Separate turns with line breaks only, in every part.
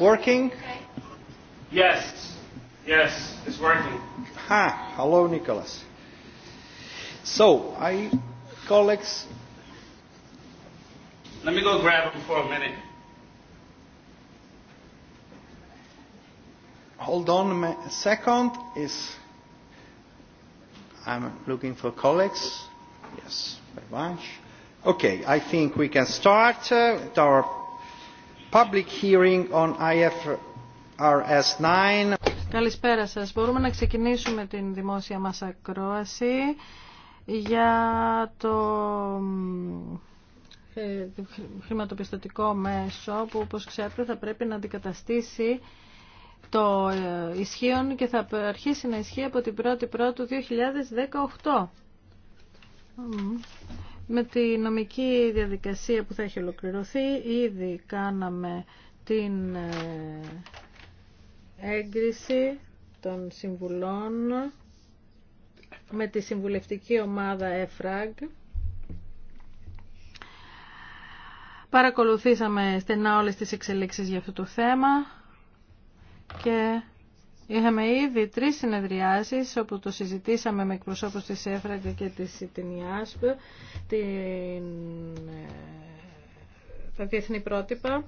Working? Yes. Yes, it's working. Ha. Hello, Nicholas. So, I, colleagues.
Let me go grab him for a minute.
Hold on a second. Is I'm looking for colleagues. Yes, very much. Okay, I think we can start our Public hearing on IFRS 9. Καλησπέρα σας. Μπορούμε να ξεκινήσουμε την δημόσια μας ακρόαση για το ε, χρηματοπιστωτικό μέσο που όπως ξέρετε θα πρέπει να αντικαταστήσει το ε, ισχύον και θα αρχίσει να ισχύει από την 1η 2018. Με τη νομική διαδικασία που θα έχει ολοκληρωθεί, ήδη κάναμε την ε, έγκριση των συμβουλών με τη συμβουλευτική ομάδα ΕΦΡΑΓ. Παρακολουθήσαμε στενά όλες τις εξελίξεις για αυτό το θέμα και Είχαμε ήδη τρεις συνεδριάσεις όπου το συζητήσαμε με εκπροσώπους της ΕΦΡΑΚΑ και της ΙΤΙΝΙΑΣΠ, την... Ε, τα διεθνή πρότυπα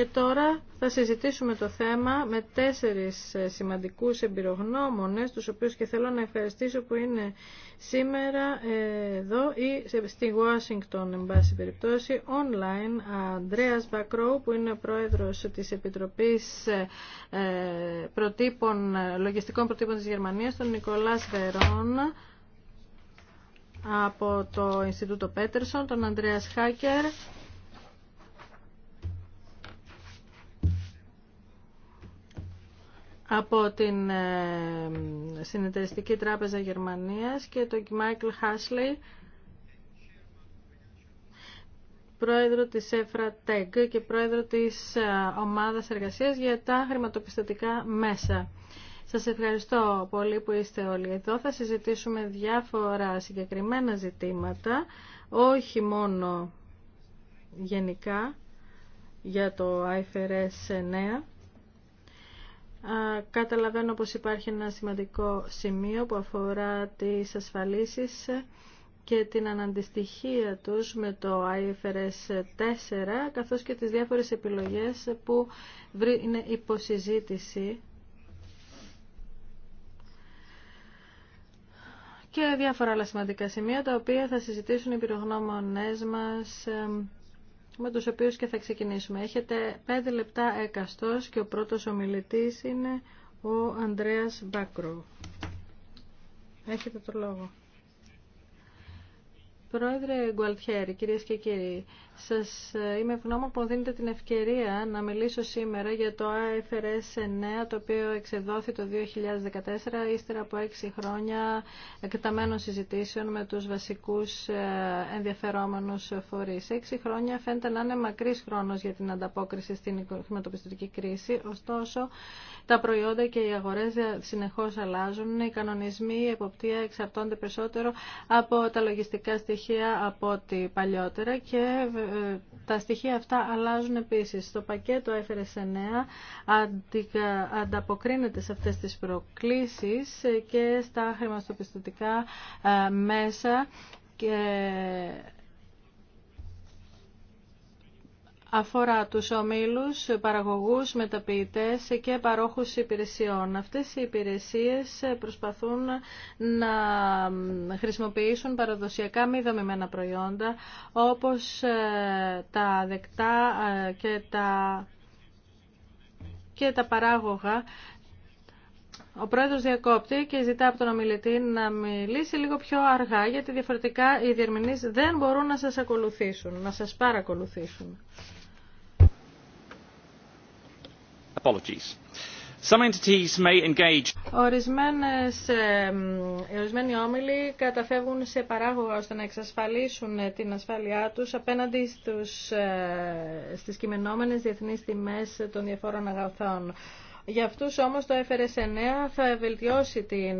και τώρα θα συζητήσουμε το θέμα με τέσσερις σημαντικούς εμπειρογνώμονες, τους οποίους και θέλω να ευχαριστήσω που είναι σήμερα ε, εδώ ή στη Washington, εν πάση περιπτώσει, online. Αντρέας Βακρόου, που είναι πρόεδρος της Επιτροπής ε, προτύπων, Λογιστικών Προτύπων της Γερμανίας, τον Νικολάς Βερόν, από το Ινστιτούτο Πέτερσον, τον Ανδρέας Χάκερ, από την ε, Συνεταιριστική Τράπεζα Γερμανίας και τον Μάικλ Χάσλεϊ, πρόεδρο της ΕΦΡΑ ΤΕΚ και πρόεδρο της ε, Ομάδας Εργασίας για τα χρηματοπιστωτικά μέσα. Σας ευχαριστώ πολύ που είστε όλοι εδώ. Θα συζητήσουμε διάφορα συγκεκριμένα ζητήματα, όχι μόνο γενικά για το IFRS 9, Καταλαβαίνω πως υπάρχει ένα σημαντικό σημείο που αφορά τις ασφαλίσεις και την αναντιστοιχία τους με το IFRS 4, καθώς και τις διάφορες επιλογές που είναι υποσυζήτηση και διάφορα άλλα σημαντικά σημεία, τα οποία θα συζητήσουν οι πυρογνώμονές μας με τους οποίους και θα ξεκινήσουμε. Έχετε πέντε λεπτά έκαστος και ο πρώτος ομιλητής είναι ο Ανδρέας Μπάκρο. Έχετε το λόγο. Πρόεδρε Γκουαλτιέρη, κυρίες και κύριοι, σας ε, είμαι ευγνώμη που δίνετε την ευκαιρία να μιλήσω σήμερα για το IFRS 9, το οποίο εξεδόθη το 2014, ύστερα από έξι χρόνια εκταμένων συζητήσεων με τους βασικούς ε, ενδιαφερόμενους φορείς. Έξι χρόνια φαίνεται να είναι μακρύς χρόνος για την ανταπόκριση στην χρηματοπιστωτική κρίση, ωστόσο τα προϊόντα και οι αγορές ε, συνεχώς αλλάζουν, οι κανονισμοί, η εποπτεία εξαρτώνται περισσότερο από τα λογιστικά στοιχεία από ό,τι παλιότερα και ε, τα στοιχεία αυτά αλλάζουν επίσης. Το πακέτο IFRS 9 ανταποκρίνεται σε αυτές τις προκλήσεις ε, και στα χρηματοπιστωτικά ε, μέσα και αφορά τους ομίλους, παραγωγούς, μεταποιητές και παρόχους υπηρεσιών. Αυτές οι υπηρεσίες προσπαθούν να χρησιμοποιήσουν παραδοσιακά μη δομημένα προϊόντα όπως ε, τα δεκτά ε, και τα, και παράγωγα ο πρόεδρος διακόπτει και ζητά από τον ομιλητή να μιλήσει λίγο πιο αργά, γιατί διαφορετικά οι διερμηνείς δεν μπορούν να σας ακολουθήσουν, να σας παρακολουθήσουν.
Apologies. Some entities may engage.
Ορισμένες, ορισμένοι όμιλοι καταφεύγουν σε παράγωγα ώστε να εξασφαλίσουν ε, την ασφάλειά τους απέναντι στους, ε, στις κειμενόμενες διεθνείς τιμές των διαφόρων αγαθών. Για αυτούς όμως το FRS 9 θα βελτιώσει ε,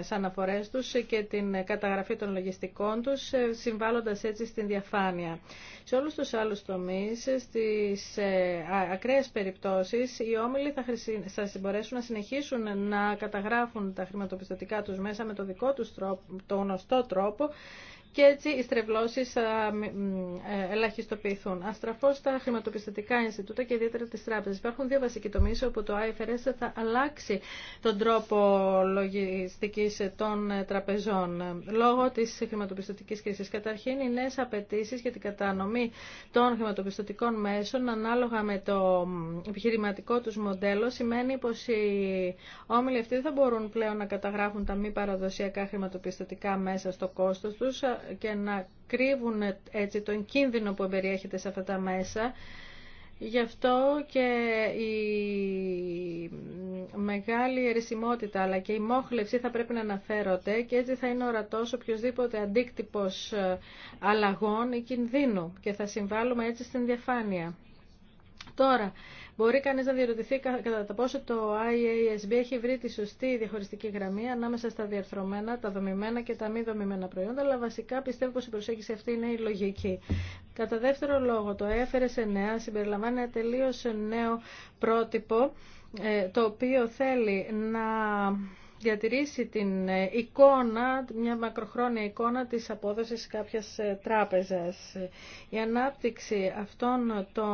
τις αναφορές τους και την καταγραφή των λογιστικών τους, ε, συμβάλλοντας έτσι στην διαφάνεια. Σε όλους τους άλλους τομείς, στις ε, ακραίες περιπτώσεις, οι όμιλοι θα, χρησι... θα να συνεχίσουν να καταγράφουν τα χρηματοπιστωτικά τους μέσα με το δικό τους τρόπο, το γνωστό τρόπο, και έτσι οι στρεβλώσει θα ε, ελαχιστοποιηθούν. Αστραφώ τα χρηματοπιστωτικά Ινστιτούτα και ιδιαίτερα τι τράπεζες. Υπάρχουν δύο βασικοί τομεί όπου το IFRS θα αλλάξει τον τρόπο λογιστική των τραπεζών λόγω τη χρηματοπιστωτική κρίση. Καταρχήν, οι νέε απαιτήσει για την κατανομή των χρηματοπιστωτικών μέσων ανάλογα με το επιχειρηματικό του μοντέλο σημαίνει πω οι όμιλοι αυτοί δεν θα μπορούν πλέον να καταγράφουν τα μη παραδοσιακά χρηματοπιστωτικά μέσα στο κόστο του και να κρύβουν έτσι τον κίνδυνο που εμπεριέχεται σε αυτά τα μέσα. Γι' αυτό και η μεγάλη ερησιμότητα αλλά και η μόχλευση θα πρέπει να αναφέρονται και έτσι θα είναι ορατός οποιοδήποτε αντίκτυπος ε, αλλαγών ή κινδύνου και θα συμβάλλουμε έτσι στην διαφάνεια. Τώρα, Μπορεί κανείς να διερωτηθεί κατά το πόσο το IASB έχει βρει τη σωστή διαχωριστική γραμμή ανάμεσα στα διαρθρωμένα, τα δομημένα και τα μη δομημένα προϊόντα, αλλά βασικά πιστεύω πως η προσέγγιση αυτή είναι η λογική. Κατά δεύτερο λόγο, το σε e νέα συμπεριλαμβάνει ένα τελείως νέο πρότυπο, ε, το οποίο θέλει να διατηρήσει την ε, εικόνα, μια μακροχρόνια εικόνα της απόδοσης κάποιας ε, τράπεζας. Η ανάπτυξη αυτών το,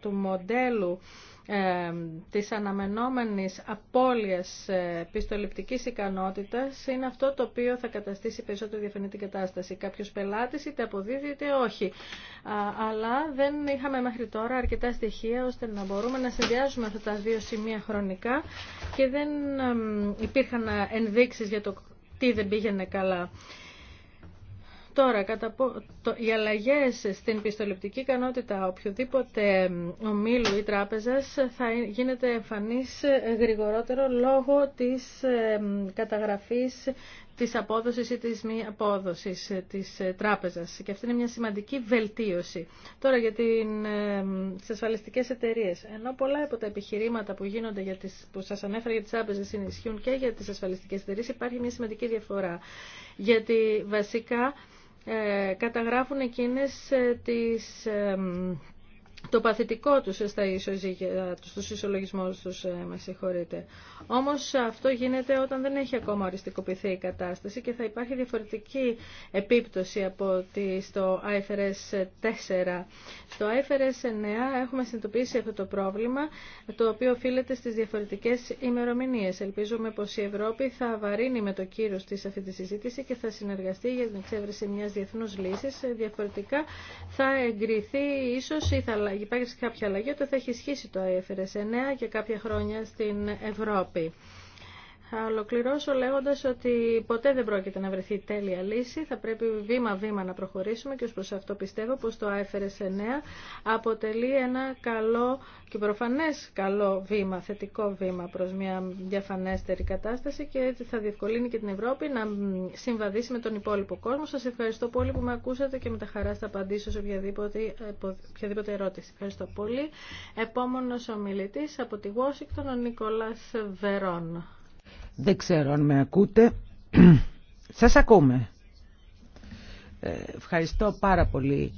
του μοντέλου ε, της αναμενόμενης απώλειας ε, πιστοληπτικής ικανότητας είναι αυτό το οποίο θα καταστήσει περισσότερο διαφανή την κατάσταση. Κάποιος πελάτης είτε αποδίδει είτε όχι. αλλά δεν είχαμε μέχρι τώρα αρκετά στοιχεία ώστε να μπορούμε να συνδυάζουμε αυτά τα δύο σημεία χρονικά και δεν υπήρχαν ενδείξεις για το τι δεν πήγαινε καλά. Τώρα, κατα... το... οι αλλαγέ στην πιστοληπτική ικανότητα οποιοδήποτε ομίλου ή τράπεζα θα γίνεται εμφανή ε, γρηγορότερο λόγω τη καταγραφή της ε, απόδοση ή τη μη απόδοσης ε, της τράπεζας. Και αυτή είναι μια σημαντική βελτίωση. Τώρα για την, ε, τις ασφαλιστικές Ενώ πολλά από τα επιχειρήματα που, γίνονται τις, που σας ανέφερα για τι τράπεζες συνισχύουν και για τι ασφαλιστικέ εταιρείε, υπάρχει μια σημαντική διαφορά. Γιατί βασικά ε, καταγράφουν εκείνες ε, τις ε, το παθητικό τους στα ισοζύγια τους, στους ισολογισμούς τους, ε, με συγχωρείτε. Όμως αυτό γίνεται όταν δεν έχει ακόμα οριστικοποιηθεί η κατάσταση και θα υπάρχει διαφορετική επίπτωση από ότι στο IFRS 4. Στο IFRS 9 έχουμε συνειδητοποιήσει αυτό το πρόβλημα, το οποίο οφείλεται στις διαφορετικές ημερομηνίες. Ελπίζουμε πως η Ευρώπη θα βαρύνει με το κύρος της αυτή τη συζήτηση και θα συνεργαστεί για την εξέβρεση μιας διεθνούς λύσης. Διαφορετικά θα εγκριθεί ίσως ή θα υπάρχει κάποια αλλαγή, ότι θα έχει ισχύσει το IFRS 9 για κάποια χρόνια στην Ευρώπη. Θα ολοκληρώσω λέγοντας ότι ποτέ δεν πρόκειται να βρεθεί τέλεια λύση. Θα πρέπει βήμα-βήμα να προχωρήσουμε και ως προς αυτό πιστεύω πως το IFRS 9 αποτελεί ένα καλό και προφανές καλό βήμα, θετικό βήμα προς μια διαφανέστερη κατάσταση και έτσι θα διευκολύνει και την Ευρώπη να συμβαδίσει με τον υπόλοιπο κόσμο. Σας ευχαριστώ πολύ που με ακούσατε και με τα χαρά θα απαντήσω σε οποιαδήποτε, οποιαδήποτε ερώτηση. Ευχαριστώ πολύ. Επόμενος ομιλητής από τη Washington, ο Νικόλας Βερόν.
Δεν ξέρω αν με ακούτε. Σας ακούμε. Ε, ευχαριστώ πάρα πολύ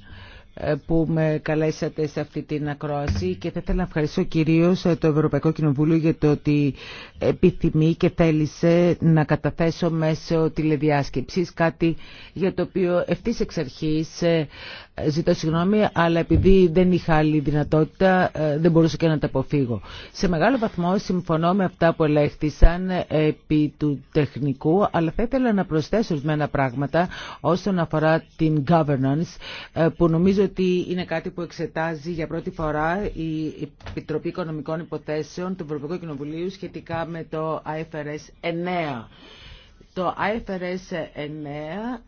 ε, που με καλέσατε σε αυτή την ακρόαση και θα ήθελα να ευχαριστώ κυρίως ε, το Ευρωπαϊκό Κοινοβούλιο για το ότι επιθυμεί και θέλησε να καταθέσω μέσω τηλεδιάσκεψης κάτι για το οποίο ευθύς εξ αρχής ε, ζητώ συγγνώμη αλλά επειδή δεν είχα άλλη δυνατότητα δεν μπορούσα και να τα αποφύγω. Σε μεγάλο βαθμό συμφωνώ με αυτά που ελέγχθησαν επί του τεχνικού αλλά θα ήθελα να προσθέσω ορισμένα πράγματα όσον αφορά την governance που νομίζω ότι είναι κάτι που εξετάζει για πρώτη φορά η Επιτροπή Οικονομικών Υποθέσεων του Ευρωπαϊκού Κοινοβουλίου σχετικά με το IFRS 9. Το IFRS 9,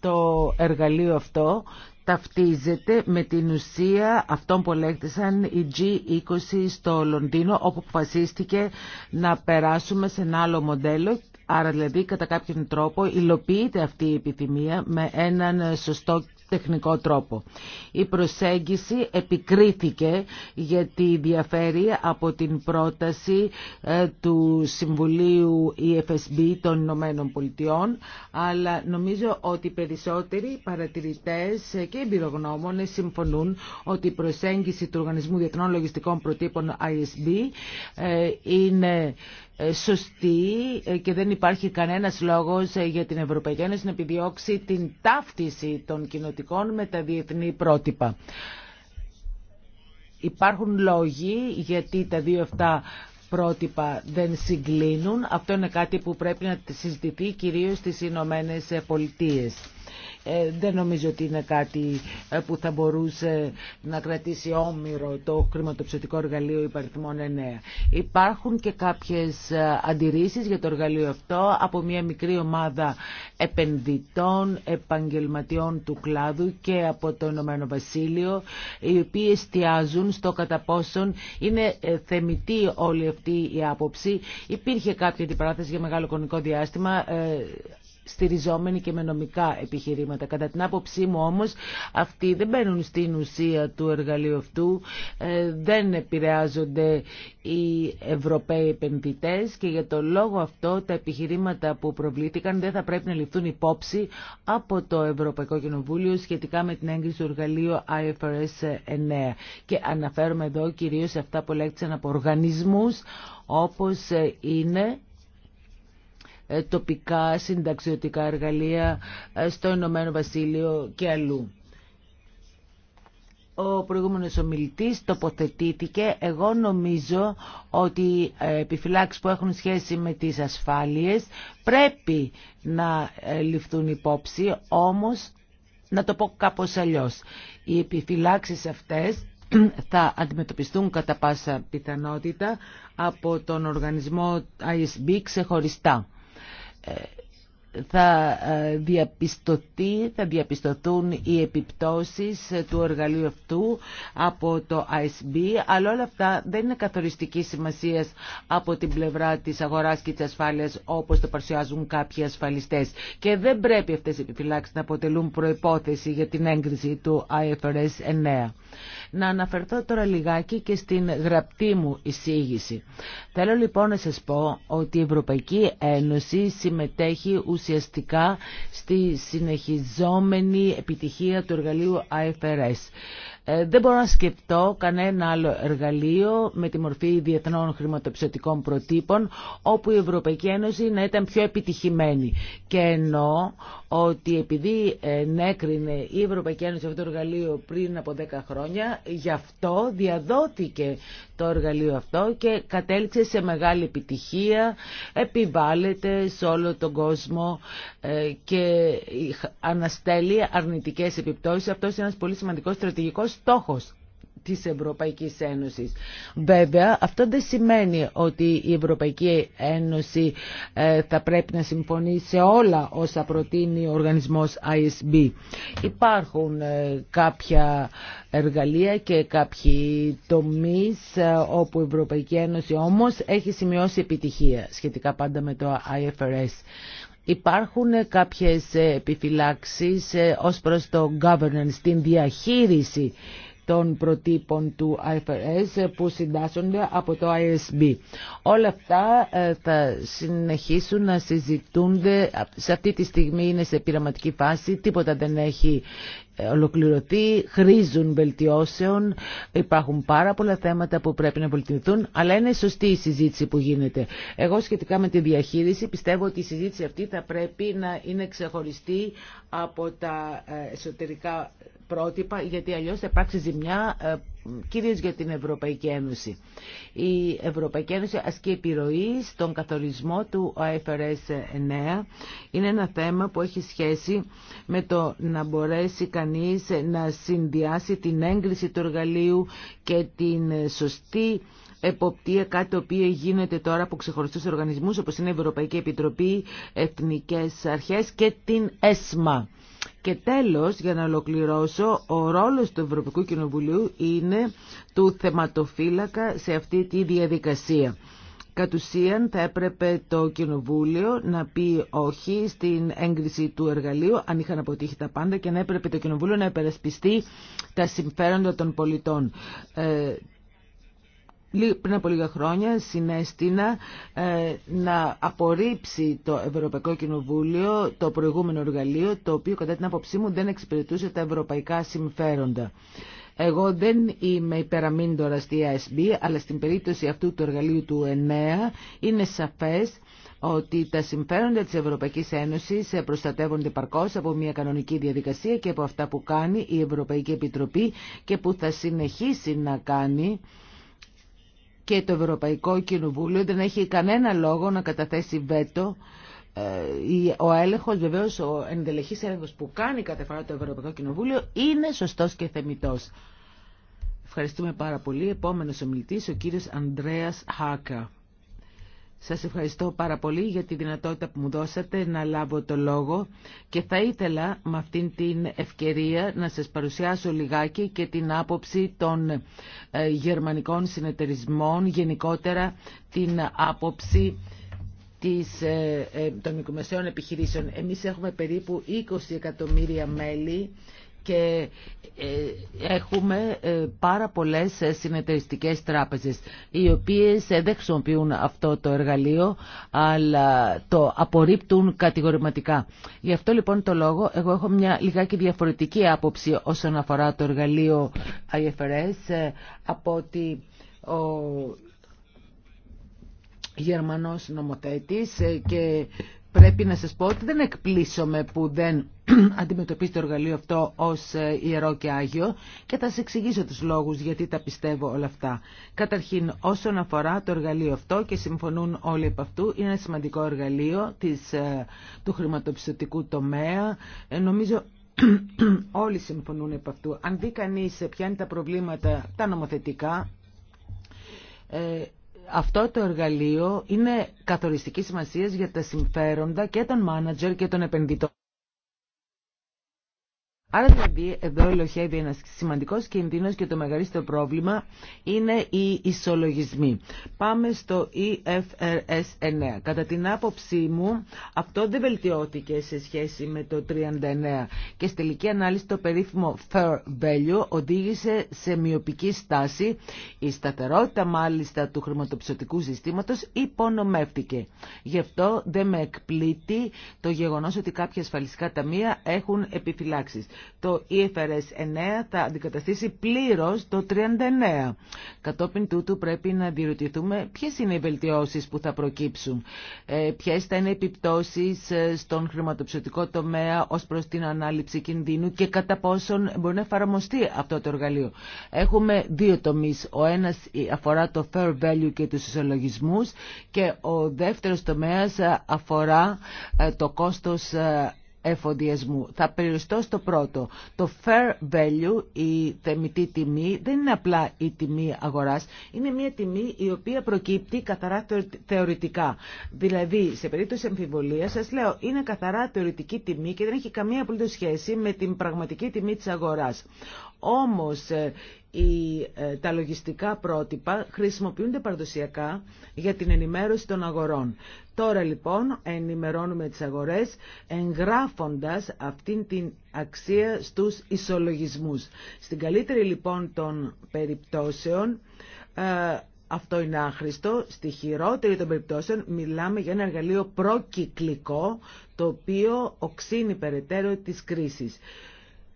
το εργαλείο αυτό, ταυτίζεται με την ουσία αυτών που ελέγχθησαν η G20 στο Λονδίνο, όπου αποφασίστηκε να περάσουμε σε ένα άλλο μοντέλο Άρα δηλαδή κατά κάποιον τρόπο υλοποιείται αυτή η επιθυμία με έναν σωστό τεχνικό τρόπο. Η προσέγγιση επικρίθηκε γιατί διαφέρει από την πρόταση ε, του Συμβουλίου EFSB των Ηνωμένων Πολιτειών, αλλά νομίζω ότι περισσότεροι παρατηρητές και εμπειρογνώμονες συμφωνούν ότι η προσέγγιση του Οργανισμού Διεθνών Λογιστικών Προτύπων ISB ε, είναι ε, σωστή ε, και δεν υπάρχει κανένας λόγος ε, για την Ευρωπαϊκή Ένωση να επιδιώξει την ταύτιση των κοινοτικών με τα διεθνή πρότυπα. Υπάρχουν λόγοι γιατί τα δύο αυτά πρότυπα δεν συγκλίνουν. Αυτό είναι κάτι που πρέπει να συζητηθεί κυρίως στις Ηνωμένε Πολιτείες. Ε, δεν νομίζω ότι είναι κάτι ε, που θα μπορούσε να κρατήσει όμοιρο το χρηματοψηφικό εργαλείο υπαριθμών 9. Υπάρχουν και κάποιες ε, αντιρρήσεις για το εργαλείο αυτό από μια μικρή ομάδα επενδυτών, επαγγελματιών του κλάδου και από το Ηνωμένο Βασίλειο, οι οποίοι εστιάζουν στο κατά πόσον είναι θεμητή όλη αυτή η άποψη. Υπήρχε κάποια αντιπαράθεση για μεγάλο κονικό διάστημα στηριζόμενοι και με νομικά επιχειρήματα. Κατά την άποψή μου όμως αυτοί δεν μπαίνουν στην ουσία του εργαλείου αυτού, ε, δεν επηρεάζονται οι Ευρωπαίοι επενδυτές και για το λόγο αυτό τα επιχειρήματα που προβλήθηκαν δεν θα πρέπει να ληφθούν υπόψη από το Ευρωπαϊκό Κοινοβούλιο σχετικά με την έγκριση του εργαλείου IFRS 9. Και αναφέρομαι εδώ κυρίως σε αυτά που λέξαν από οργανισμούς όπως είναι ε, τοπικά συνταξιωτικά εργαλεία ε, στο Ηνωμένο Βασίλειο και αλλού. Ο προηγούμενος ομιλητής τοποθετήθηκε. Εγώ νομίζω ότι οι ε, επιφυλάξεις που έχουν σχέση με τις ασφάλειες πρέπει να ληφθούν υπόψη, όμως να το πω κάπως αλλιώς. Οι επιφυλάξεις αυτές θα αντιμετωπιστούν κατά πάσα πιθανότητα από τον οργανισμό ISB ξεχωριστά ε θα ε, διαπιστωθεί, θα διαπιστωθούν οι επιπτώσεις ε, του εργαλείου αυτού από το ISB, αλλά όλα αυτά δεν είναι καθοριστική σημασία από την πλευρά της αγοράς και της ασφάλειας όπως το παρουσιάζουν κάποιοι ασφαλιστές. Και δεν πρέπει αυτές οι επιφυλάξεις να αποτελούν προϋπόθεση για την έγκριση του IFRS 9. Να αναφερθώ τώρα λιγάκι και στην γραπτή μου εισήγηση. Θέλω λοιπόν να σας πω ότι η Ευρωπαϊκή Ένωση συμμετέχει ουσιαστικά στη συνεχιζόμενη επιτυχία του εργαλείου IFRS. Ε, δεν μπορώ να σκεφτώ κανένα άλλο εργαλείο με τη μορφή διεθνών χρηματοψηφιακών προτύπων όπου η Ευρωπαϊκή Ένωση να ήταν πιο επιτυχημένη. Και εννοώ ότι επειδή ενέκρινε η Ευρωπαϊκή Ένωση αυτό το εργαλείο πριν από 10 χρόνια, γι' αυτό διαδόθηκε το εργαλείο αυτό και κατέληξε σε μεγάλη επιτυχία, επιβάλλεται σε όλο τον κόσμο ε, και αναστέλει αρνητικές επιπτώσεις. Αυτός είναι ένας πολύ σημαντικός στρατηγικός στόχος της Ευρωπαϊκής Ένωσης. Βέβαια, αυτό δεν σημαίνει ότι η Ευρωπαϊκή Ένωση ε, θα πρέπει να συμφωνεί σε όλα όσα προτείνει ο οργανισμός ISB. Υπάρχουν ε, κάποια εργαλεία και κάποιοι τομείς ε, όπου η Ευρωπαϊκή Ένωση όμως έχει σημειώσει επιτυχία σχετικά πάντα με το IFRS. Υπάρχουν κάποιες επιφυλάξεις ως προς το governance, την διαχείριση των προτύπων του IFRS που συντάσσονται από το ISB. Όλα αυτά ε, θα συνεχίσουν να συζητούνται. Σε αυτή τη στιγμή είναι σε πειραματική φάση, τίποτα δεν έχει ολοκληρωθεί, χρήζουν βελτιώσεων, υπάρχουν πάρα πολλά θέματα που πρέπει να βελτιωθούν, αλλά είναι σωστή η συζήτηση που γίνεται. Εγώ σχετικά με τη διαχείριση πιστεύω ότι η συζήτηση αυτή θα πρέπει να είναι ξεχωριστή από τα ε, εσωτερικά πρότυπα, γιατί αλλιώς θα υπάρξει ζημιά ε, κυρίως για την Ευρωπαϊκή Ένωση. Η Ευρωπαϊκή Ένωση ασκεί επιρροή στον καθορισμό του IFRS 9. Είναι ένα θέμα που έχει σχέση με το να μπορέσει κανείς να συνδυάσει την έγκριση του εργαλείου και την ε, σωστή εποπτεία, κάτι το οποίο γίνεται τώρα από ξεχωριστούς οργανισμούς όπως είναι η Ευρωπαϊκή Επιτροπή, Εθνικές Αρχές και την ΕΣΜΑ. Και τέλος, για να ολοκληρώσω, ο ρόλος του Ευρωπαϊκού Κοινοβουλίου είναι του θεματοφύλακα σε αυτή τη διαδικασία. Κατ' ουσίαν θα έπρεπε το Κοινοβούλιο να πει όχι στην έγκριση του εργαλείου αν είχαν αποτύχει τα πάντα και να έπρεπε το Κοινοβούλιο να υπερασπιστεί τα συμφέροντα των πολιτών. Ε, πριν από λίγα χρόνια συνέστηνα ε, να απορρίψει το Ευρωπαϊκό Κοινοβούλιο το προηγούμενο εργαλείο το οποίο κατά την άποψή μου δεν εξυπηρετούσε τα ευρωπαϊκά συμφέροντα. Εγώ δεν είμαι υπεραμήντορα στη ASB, αλλά στην περίπτωση αυτού του εργαλείου του ΕΝΕΑ είναι σαφές ότι τα συμφέροντα της Ευρωπαϊκής Ένωσης προστατεύονται παρκώς από μια κανονική διαδικασία και από αυτά που κάνει η Ευρωπαϊκή Επιτροπή και που θα συνεχίσει να κάνει και το Ευρωπαϊκό Κοινοβούλιο δεν έχει κανένα λόγο να καταθέσει βέτο ε, ο έλεγχος, βεβαίως ο εντελεχής έλεγχος που κάνει κάθε φορά το Ευρωπαϊκό Κοινοβούλιο είναι σωστός και θεμητός. Ευχαριστούμε πάρα πολύ. Επόμενος ομιλητής, ο κύριος Ανδρέας Χάκα. Σας ευχαριστώ πάρα πολύ για τη δυνατότητα που μου δώσατε να λάβω το λόγο και θα ήθελα με αυτήν την ευκαιρία να σας παρουσιάσω λιγάκι και την άποψη των ε, γερμανικών συνεταιρισμών, γενικότερα την άποψη ε, ε, των μικρομεσαίων επιχειρήσεων. Εμείς έχουμε περίπου 20 εκατομμύρια μέλη και ε, έχουμε πάρα πολλές συνεταιριστικές τράπεζες οι οποίες δεν χρησιμοποιούν αυτό το εργαλείο αλλά το απορρίπτουν κατηγορηματικά. Γι' αυτό λοιπόν το λόγο εγώ έχω μια λιγάκι διαφορετική άποψη όσον αφορά το εργαλείο IFRS από ότι ο Γερμανός νομοθέτης ε, και πρέπει να σας πω ότι δεν εκπλήσωμαι που δεν αντιμετωπίζει το εργαλείο αυτό ως ε, ιερό και άγιο και θα σας εξηγήσω τους λόγους γιατί τα πιστεύω όλα αυτά. Καταρχήν όσον αφορά το εργαλείο αυτό και συμφωνούν όλοι από αυτού είναι ένα σημαντικό εργαλείο της, ε, του χρηματοπιστωτικού τομέα. Νομίζω όλοι συμφωνούν από αυτού. Αν δει κανεί ποια είναι τα προβλήματα τα νομοθετικά αυτό το εργαλείο είναι καθοριστικής σημασίας για τα συμφέροντα και των μάνατζερ και των επενδυτών. Άρα δηλαδή εδώ ελοχεύει ένας σημαντικός κινδύνος και το μεγαλύτερο πρόβλημα είναι οι ισολογισμοί. Πάμε στο EFRS 9. Κατά την άποψή μου αυτό δεν βελτιώθηκε σε σχέση με το 39 και στη τελική ανάλυση το περίφημο fair value οδήγησε σε μειοπική στάση. Η σταθερότητα μάλιστα του χρηματοπιστωτικού συστήματος υπονομεύτηκε. Γι' αυτό δεν με εκπλήττει το γεγονός ότι κάποια ασφαλιστικά ταμεία έχουν επιφυλάξεις. Το EFRS 9 θα αντικαταστήσει πλήρως το 39. Κατόπιν τούτου πρέπει να διερωτηθούμε ποιες είναι οι βελτιώσεις που θα προκύψουν, ε, ποιες θα είναι οι επιπτώσεις ε, στον χρηματοψηφικό τομέα ως προς την ανάληψη κινδύνου και κατά πόσον μπορεί να εφαρμοστεί αυτό το εργαλείο. Έχουμε δύο τομείς. Ο ένας αφορά το fair value και τους ισολογισμούς και ο δεύτερος τομέας ε, αφορά το κόστος εφοδιασμού. Θα περιοριστώ στο πρώτο. Το fair value, η θεμητή τιμή, δεν είναι απλά η τιμή αγοράς. Είναι μια τιμή η οποία προκύπτει καθαρά θεωρητικά. Δηλαδή, σε περίπτωση εμφιβολίας, σας λέω, είναι καθαρά θεωρητική τιμή και δεν έχει καμία απολύτως σχέση με την πραγματική τιμή της αγοράς. Όμως οι, ε, ε, τα λογιστικά πρότυπα χρησιμοποιούνται παραδοσιακά για την ενημέρωση των αγορών. Τώρα λοιπόν ενημερώνουμε τις αγορές εγγράφοντας αυτήν την αξία στους ισολογισμούς. Στην καλύτερη λοιπόν των περιπτώσεων ε, αυτό είναι άχρηστο. Στη χειρότερη των περιπτώσεων μιλάμε για ένα εργαλείο προκυκλικό το οποίο οξύνει περαιτέρω της κρίσεις.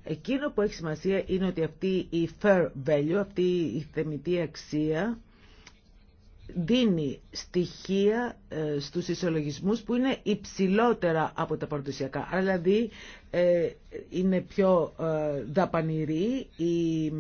Εκείνο που έχει σημασία είναι ότι αυτή η fair value, αυτή η θεμητή αξία δίνει στοιχεία ε, στους ισολογισμούς που είναι υψηλότερα από τα παραδοσιακά. Δηλαδή ε, είναι πιο ε, δαπανηρή η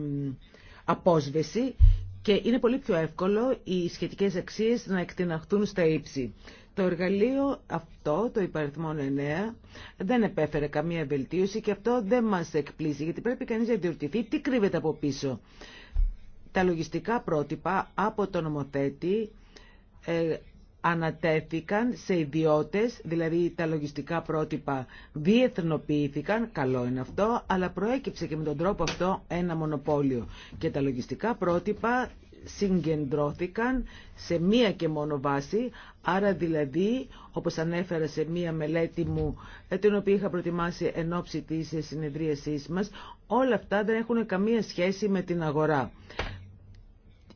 απόσβεση και είναι πολύ πιο εύκολο οι σχετικές αξίες να εκτιναχτούν στα ύψη. Το εργαλείο αυτό, το υπαριθμόν 9, δεν επέφερε καμία βελτίωση και αυτό δεν μας εκπλήσει, γιατί πρέπει κανείς να διορτηθεί τι κρύβεται από πίσω. Τα λογιστικά πρότυπα από τον νομοθέτη ε, ανατέθηκαν σε ιδιώτες, δηλαδή τα λογιστικά πρότυπα διεθνοποιήθηκαν, καλό είναι αυτό, αλλά προέκυψε και με τον τρόπο αυτό ένα μονοπόλιο. Και τα λογιστικά πρότυπα συγκεντρώθηκαν σε μία και μόνο βάση, άρα δηλαδή, όπως ανέφερα σε μία μελέτη μου, ε, την οποία είχα προετοιμάσει εν ώψη της συνεδρίασής μας, όλα αυτά δεν έχουν καμία σχέση με την αγορά.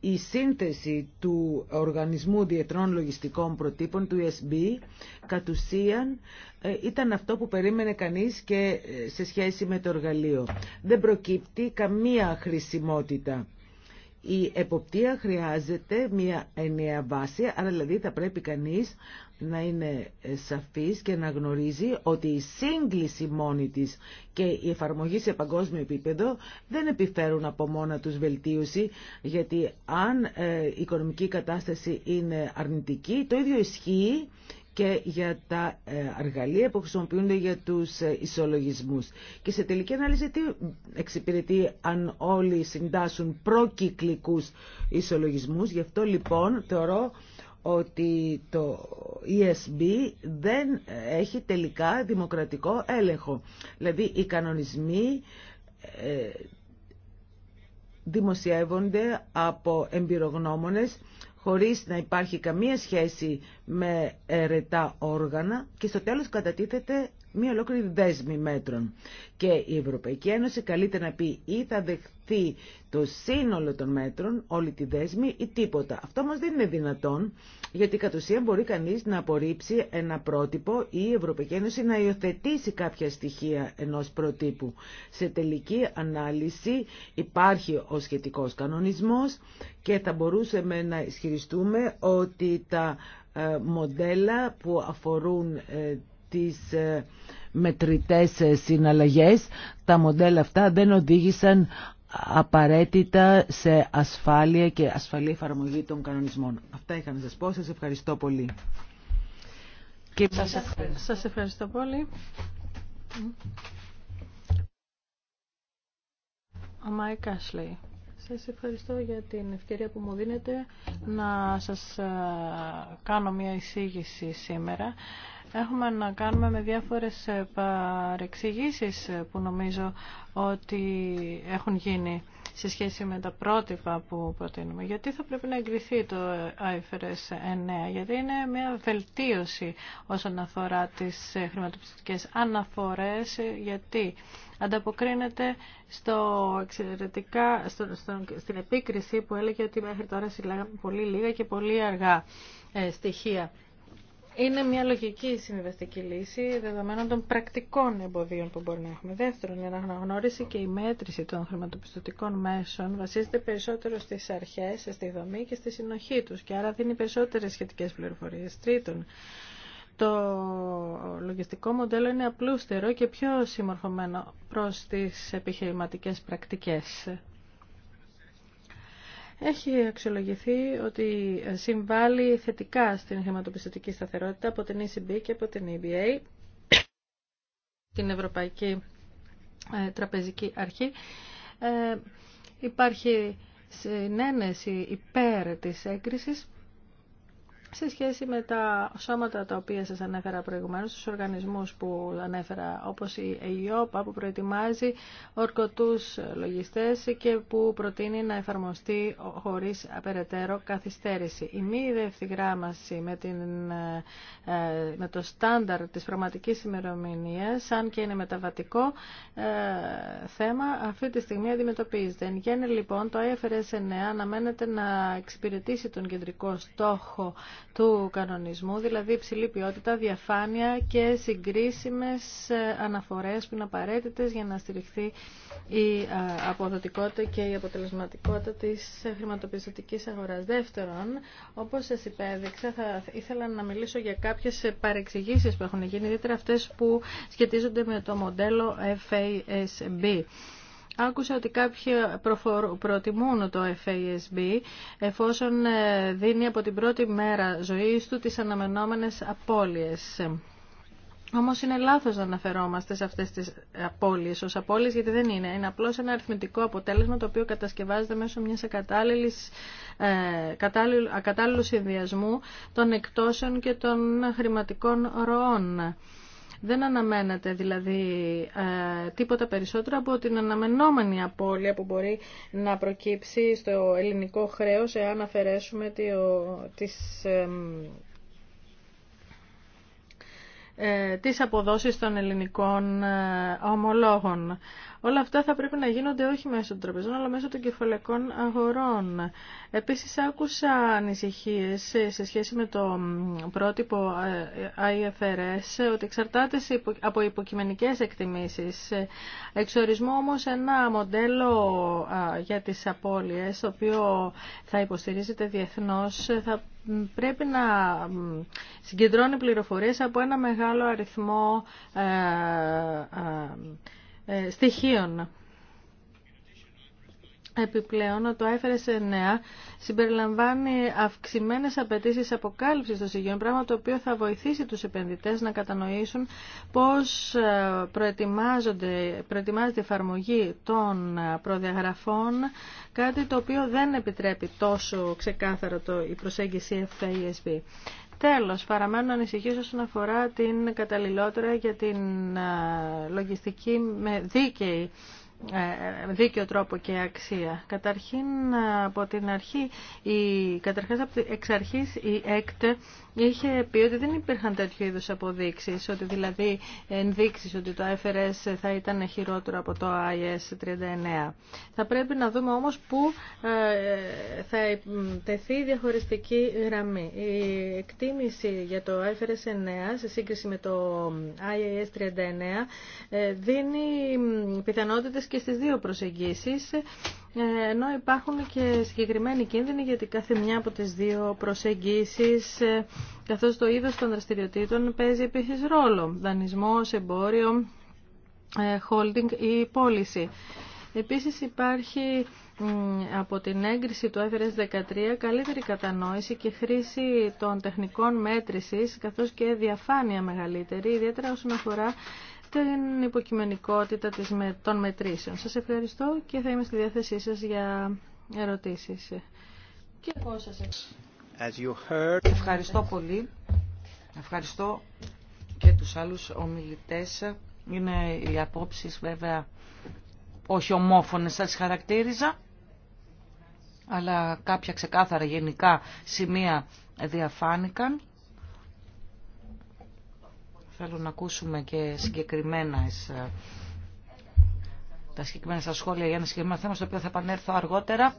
Η σύνθεση του Οργανισμού Διεθνών Λογιστικών Προτύπων, του ESB, κατ' ουσίαν ε, ήταν αυτό που περίμενε κανείς και ε, σε σχέση με το εργαλείο. Δεν προκύπτει καμία χρησιμότητα. Η εποπτεία χρειάζεται μια ενιαία βάση, άρα δηλαδή θα πρέπει κανείς να είναι σαφής και να γνωρίζει ότι η σύγκληση μόνη της και η εφαρμογή σε παγκόσμιο επίπεδο δεν επιφέρουν από μόνα τους βελτίωση, γιατί αν ε, η οικονομική κατάσταση είναι αρνητική, το ίδιο ισχύει και για τα ε, αργαλεία που χρησιμοποιούνται για τους ε, ισολογισμούς. Και σε τελική ανάλυση τι εξυπηρετεί αν όλοι συντάσσουν προκυκλικούς ισολογισμούς. Γι' αυτό λοιπόν θεωρώ ότι το ESB δεν έχει τελικά δημοκρατικό έλεγχο. Δηλαδή οι κανονισμοί ε, δημοσιεύονται από εμπειρογνώμονες χωρίς να υπάρχει καμία σχέση με ερετά όργανα και στο τέλος κατατίθεται μία ολόκληρη δέσμη μέτρων. Και η Ευρωπαϊκή Ένωση καλείται να πει ή θα δεχθεί το σύνολο των μέτρων, όλη τη δέσμη ή τίποτα. Αυτό όμως δεν είναι δυνατόν, γιατί κατ' ουσία μπορεί κανείς να απορρίψει ένα πρότυπο ή η Ευρωπαϊκή Ένωση να υιοθετήσει κάποια στοιχεία ενός προτύπου. Σε τελική ανάλυση υπάρχει ο σχετικός κανονισμός και θα μπορούσαμε να ισχυριστούμε ότι τα ε, μοντέλα που αφορούν ε, τις ε, μετρητές ε, συναλλαγές, τα μοντέλα αυτά δεν οδήγησαν απαραίτητα σε ασφάλεια και ασφαλή εφαρμογή των κανονισμών. Αυτά είχα να σας πω. Σας ευχαριστώ πολύ.
Και... Σας, ευχαριστώ. πολύ. Ο Μάικ Σας ευχαριστώ για την ευκαιρία που μου δίνετε να σας ε, κάνω μια εισήγηση σήμερα έχουμε να κάνουμε με διάφορες ε, παρεξηγήσεις ε, που νομίζω ότι έχουν γίνει σε σχέση με τα πρότυπα που προτείνουμε. Γιατί θα πρέπει να εγκριθεί το IFRS ε, 9, γιατί είναι μια βελτίωση όσον αφορά τις χρηματοπιστικές αναφορές, γιατί ανταποκρίνεται στο εξαιρετικά, στο, στην επίκριση που έλεγε ότι μέχρι τώρα συλλάγαμε πολύ λίγα και πολύ αργά στοιχεία είναι μια λογική συμβιβαστική λύση δεδομένων των πρακτικών εμποδίων που μπορεί να έχουμε. Δεύτερον, η αναγνώριση και η μέτρηση των χρηματοπιστωτικών μέσων βασίζεται περισσότερο στι αρχέ, στη δομή και στη συνοχή του και άρα δίνει περισσότερε σχετικέ πληροφορίε. Τρίτον, το λογιστικό μοντέλο είναι απλούστερο και πιο συμμορφωμένο προ τι επιχειρηματικέ πρακτικέ. Έχει αξιολογηθεί ότι συμβάλλει θετικά στην χρηματοπιστωτική σταθερότητα από την ECB και από την EBA, την Ευρωπαϊκή ε, Τραπεζική Αρχή. Ε, υπάρχει συνένεση υπέρ της έγκρισης σε σχέση με τα σώματα τα οποία σας ανέφερα προηγουμένως, τους οργανισμούς που ανέφερα, όπως η ΕΙΟΠΑ που προετοιμάζει ορκωτούς λογιστές και που προτείνει να εφαρμοστεί χωρίς απεραιτέρω καθυστέρηση. Η μη δευθυγράμμαση με, την, ε, με το στάνταρ της πραγματική ημερομηνία, αν και είναι μεταβατικό ε, θέμα, αυτή τη στιγμή αντιμετωπίζεται. Εν γέννη λοιπόν το IFRS 9 αναμένεται να εξυπηρετήσει τον κεντρικό στόχο του κανονισμού, δηλαδή υψηλή ποιότητα, διαφάνεια και συγκρίσιμες ε, αναφορές που είναι απαραίτητε για να στηριχθεί η ε, αποδοτικότητα και η αποτελεσματικότητα της χρηματοπιστωτικής αγοράς. Δεύτερον, όπως σας υπέδειξα, θα ήθελα να μιλήσω για κάποιες παρεξηγήσεις που έχουν γίνει, ιδιαίτερα αυτές που σχετίζονται με το μοντέλο FASB. Άκουσα ότι κάποιοι προτιμούν το FASB εφόσον ε, δίνει από την πρώτη μέρα ζωής του τις αναμενόμενες απώλειες. Όμως είναι λάθος να αναφερόμαστε σε αυτές τις απώλειες ως απώλειες γιατί δεν είναι. Είναι απλώς ένα αριθμητικό αποτέλεσμα το οποίο κατασκευάζεται μέσω μιας ακατάλληλης, ε, ακατάλληλου συνδυασμού των εκτόσεων και των χρηματικών ροών. Δεν αναμένεται δηλαδή ε, τίποτα περισσότερο από την αναμενόμενη απώλεια που μπορεί να προκύψει στο ελληνικό χρέος εάν αφαιρέσουμε τις ε, τις αποδόσεις των ελληνικών ε, ομολόγων. Όλα αυτά θα πρέπει να γίνονται όχι μέσω των τραπεζών, αλλά μέσω των κεφαλαικών αγορών. Επίσης, άκουσα ανησυχίες σε σχέση με το πρότυπο ε, IFRS, ότι εξαρτάται από υποκειμενικές εκτιμήσεις. Εξορισμό, όμως ένα μοντέλο για τις απώλειες, το οποίο θα υποστηρίζεται διεθνώς, θα πρέπει να συγκεντρώνει πληροφορίες από ένα μεγάλο αριθμό ε, ε, ε, στοιχείων. Επιπλέον, το IFRS 9 συμπεριλαμβάνει αυξημένες απαιτήσει αποκάλυψης των συγγείων, πράγμα το οποίο θα βοηθήσει τους επενδυτές να κατανοήσουν πώς ε, προετοιμάζονται, προετοιμάζεται η εφαρμογή των ε, προδιαγραφών, κάτι το οποίο δεν επιτρέπει τόσο ξεκάθαρο το, η προσέγγιση FASB. Τέλος, παραμένω να όσον αφορά την καταλληλότερα για την ε, λογιστική με δίκαιη ε, δίκαιο τρόπο και αξία. Καταρχήν από την αρχή, η, καταρχάς από την, εξ αρχής η ΕΚΤ είχε πει ότι δεν υπήρχαν τέτοιου είδους αποδείξεις, ότι δηλαδή ενδείξεις ότι το IFRS θα ήταν χειρότερο από το IS 39. Θα πρέπει να δούμε όμως πού ε, θα τεθεί η διαχωριστική γραμμή. Η εκτίμηση για το IFRS 9 σε σύγκριση με το IAS 39 ε, δίνει πιθανότητες και στις δύο προσεγγίσεις, ε, ενώ υπάρχουν και συγκεκριμένοι κίνδυνοι γιατί κάθε μια από τις δύο προσεγγίσεις, ε, καθώς το είδος των δραστηριοτήτων παίζει επίσης ρόλο, δανεισμός, εμπόριο, ε, holding ή πώληση. Επίσης υπάρχει από την έγκριση του IFRS 13 καλύτερη κατανόηση και χρήση των τεχνικών μέτρησης καθώς και διαφάνεια μεγαλύτερη, ιδιαίτερα όσον αφορά την υποκειμενικότητα των μετρήσεων. Σας ευχαριστώ και θα είμαι στη διάθεσή σας για ερωτήσεις. Και εγώ σας ευχαριστώ.
Ευχαριστώ πολύ. Ευχαριστώ και τους άλλους ομιλητές. Είναι οι απόψεις βέβαια όχι ομόφωνες θα τις χαρακτήριζα, αλλά κάποια ξεκάθαρα γενικά σημεία διαφάνηκαν Θέλω να ακούσουμε και συγκεκριμένα ε, τα συγκεκριμένα σχόλια για ένα συγκεκριμένο θέμα στο οποίο θα επανέλθω αργότερα.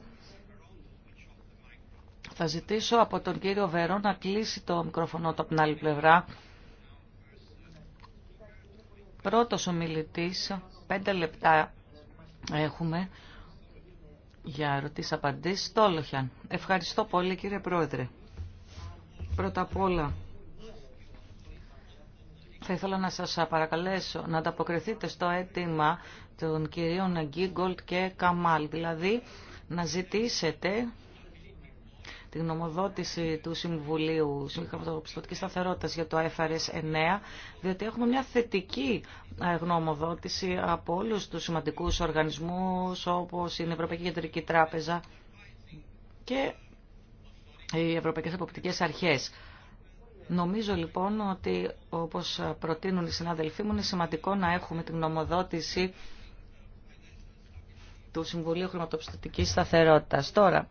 Θα ζητήσω από τον κύριο Βερό να κλείσει το μικρόφωνο του από την άλλη πλευρά. Πρώτος ομιλητής, πέντε λεπτά έχουμε για ερωτήσεις απαντήσεις. Τόλοχιαν. Ευχαριστώ πολύ κύριε Πρόεδρε. Πρώτα απ' όλα θα ήθελα να σας παρακαλέσω να ανταποκριθείτε στο αίτημα των κυρίων Γκίγκολτ και Καμάλ, δηλαδή να ζητήσετε τη γνωμοδότηση του Συμβουλίου Συγχρηματοπιστωτικής Σταθερότητας για το IFRS 9, διότι έχουμε μια θετική ε, γνωμοδότηση από όλους τους σημαντικούς οργανισμούς, όπως η Ευρωπαϊκή Κεντρική Τράπεζα και οι Ευρωπαϊκές Αποπτικές Αρχές. Νομίζω λοιπόν ότι όπως προτείνουν οι συνάδελφοί μου είναι σημαντικό να έχουμε την νομοδότηση του Συμβουλίου Χρηματοπιστωτικής Σταθερότητας. Τώρα,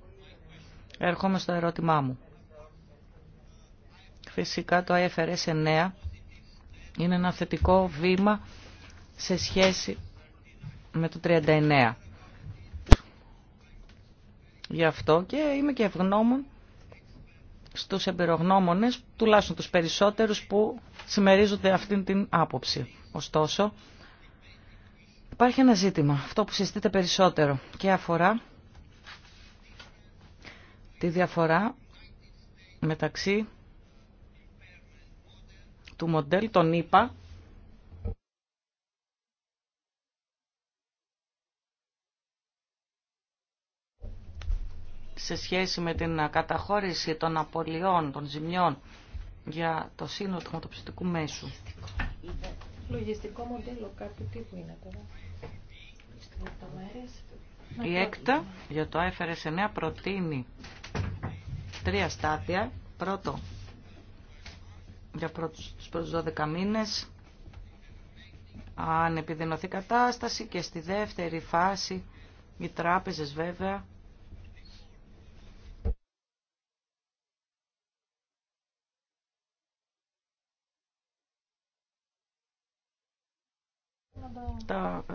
έρχομαι στο ερώτημά μου. Φυσικά το IFRS 9 είναι ένα θετικό βήμα σε σχέση με το 39. Γι' αυτό και είμαι και ευγνώμων στους εμπειρογνώμονες, τουλάχιστον τους περισσότερους που συμμερίζονται αυτήν την άποψη. Ωστόσο, υπάρχει ένα ζήτημα, αυτό που συζητείται περισσότερο και αφορά τη διαφορά μεταξύ του μοντέλ, των ΙΠΑ, σε σχέση με την καταχώρηση των απολειών, των ζημιών για το σύνολο του χρηματοπιστικού μέσου.
Λογιστικό μοντέλο Η έκτα
για το IFRS 9 προτείνει τρία στάδια. Πρώτο, για πρώτους, τους πρώτους 12 μήνες, αν επιδεινωθεί κατάσταση και στη δεύτερη φάση οι τράπεζες βέβαια τα ε,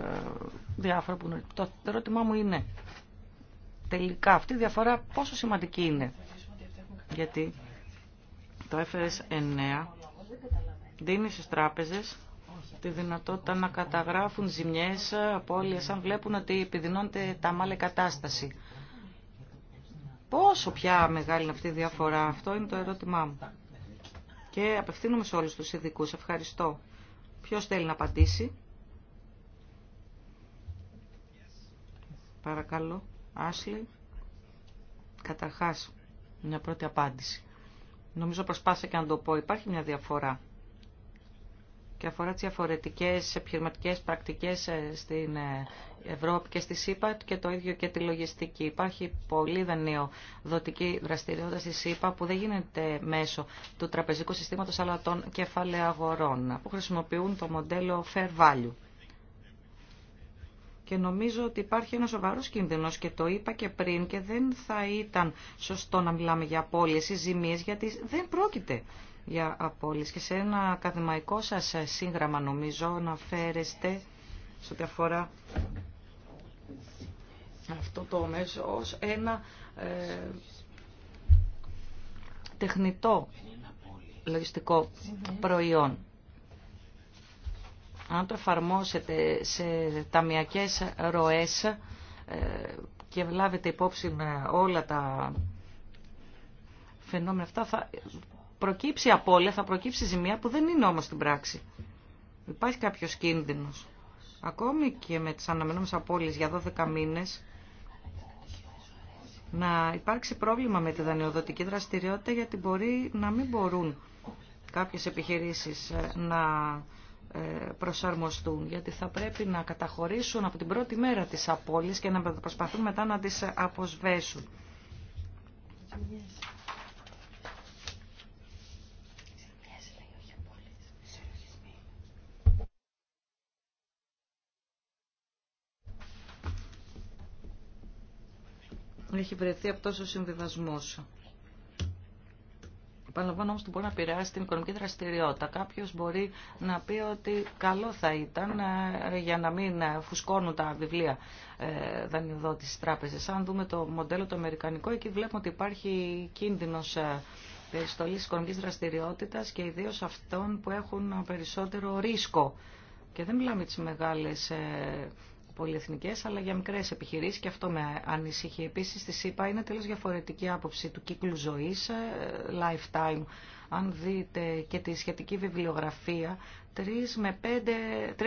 διάφορα που Το ερώτημά μου είναι, τελικά αυτή η διαφορά πόσο σημαντική είναι. Γιατί το FS 9 δίνει στις τράπεζες τη δυνατότητα να καταγράφουν ζημιές, απώλειες, αν βλέπουν ότι επιδεινώνεται τα μάλλη κατάσταση. Πόσο πια μεγάλη είναι αυτή η διαφορά, αυτό είναι το ερώτημά μου. Και απευθύνομαι σε όλους τους ειδικούς, ευχαριστώ. Ποιος θέλει να απαντήσει. Παρακαλώ, Άσλι. Καταρχάς, μια πρώτη απάντηση. Νομίζω προσπάθησα και να το πω. Υπάρχει μια διαφορά και αφορά τις διαφορετικές επιχειρηματικές πρακτικές ε, στην ε, Ευρώπη και στη ΣΥΠΑ και το ίδιο και τη λογιστική. Υπάρχει πολύ δανείο δοτική δραστηριότητα στη ΣΥΠΑ που δεν γίνεται μέσω του τραπεζικού συστήματος αλλά των κεφαλαίων αγορών που χρησιμοποιούν το μοντέλο fair value και νομίζω ότι υπάρχει ένα σοβαρό κίνδυνο και το είπα και πριν και δεν θα ήταν σωστό να μιλάμε για απώλειες ή ζημίες γιατί δεν πρόκειται για απόλυση. Και σε ένα ακαδημαϊκό σας σύγγραμμα νομίζω φέρεστε σε ό,τι αφορά αυτό το μέσο ως ένα ε, τεχνητό λογιστικό προϊόν αν το εφαρμόσετε σε ταμιακές ροές ε, και λάβετε υπόψη με όλα τα φαινόμενα αυτά, θα προκύψει απώλεια, θα προκύψει ζημία που δεν είναι όμως στην πράξη. Υπάρχει κάποιος κίνδυνος. Ακόμη και με τις αναμενόμενες απώλειες για 12 μήνες, να υπάρξει πρόβλημα με τη δανειοδοτική δραστηριότητα γιατί μπορεί να μην μπορούν κάποιες επιχειρήσεις ε, να ε, προσαρμοστούν, γιατί θα πρέπει να καταχωρήσουν από την πρώτη μέρα τις απώλειες και να προσπαθούν μετά να τις αποσβέσουν. Έχει βρεθεί από τόσο συμβιβασμός. Επαναλαμβάνω όμω ότι μπορεί να επηρεάσει την οικονομική δραστηριότητα. Κάποιο μπορεί να πει ότι καλό θα ήταν ε, για να μην ε, φουσκώνουν τα βιβλία ε, τη τράπεζε. Αν δούμε το μοντέλο το αμερικανικό, εκεί βλέπουμε ότι υπάρχει κίνδυνο περιστολή οικονομική δραστηριότητα και ιδίω αυτών που έχουν περισσότερο ρίσκο. Και δεν μιλάμε τι μεγάλε αλλά για μικρέ επιχειρήσει και αυτό με ανησυχεί. Επίση, τη ΣΥΠΑ είναι τελείω διαφορετική άποψη του κύκλου ζωή ε, lifetime. Αν δείτε και τη σχετική βιβλιογραφία, τρία με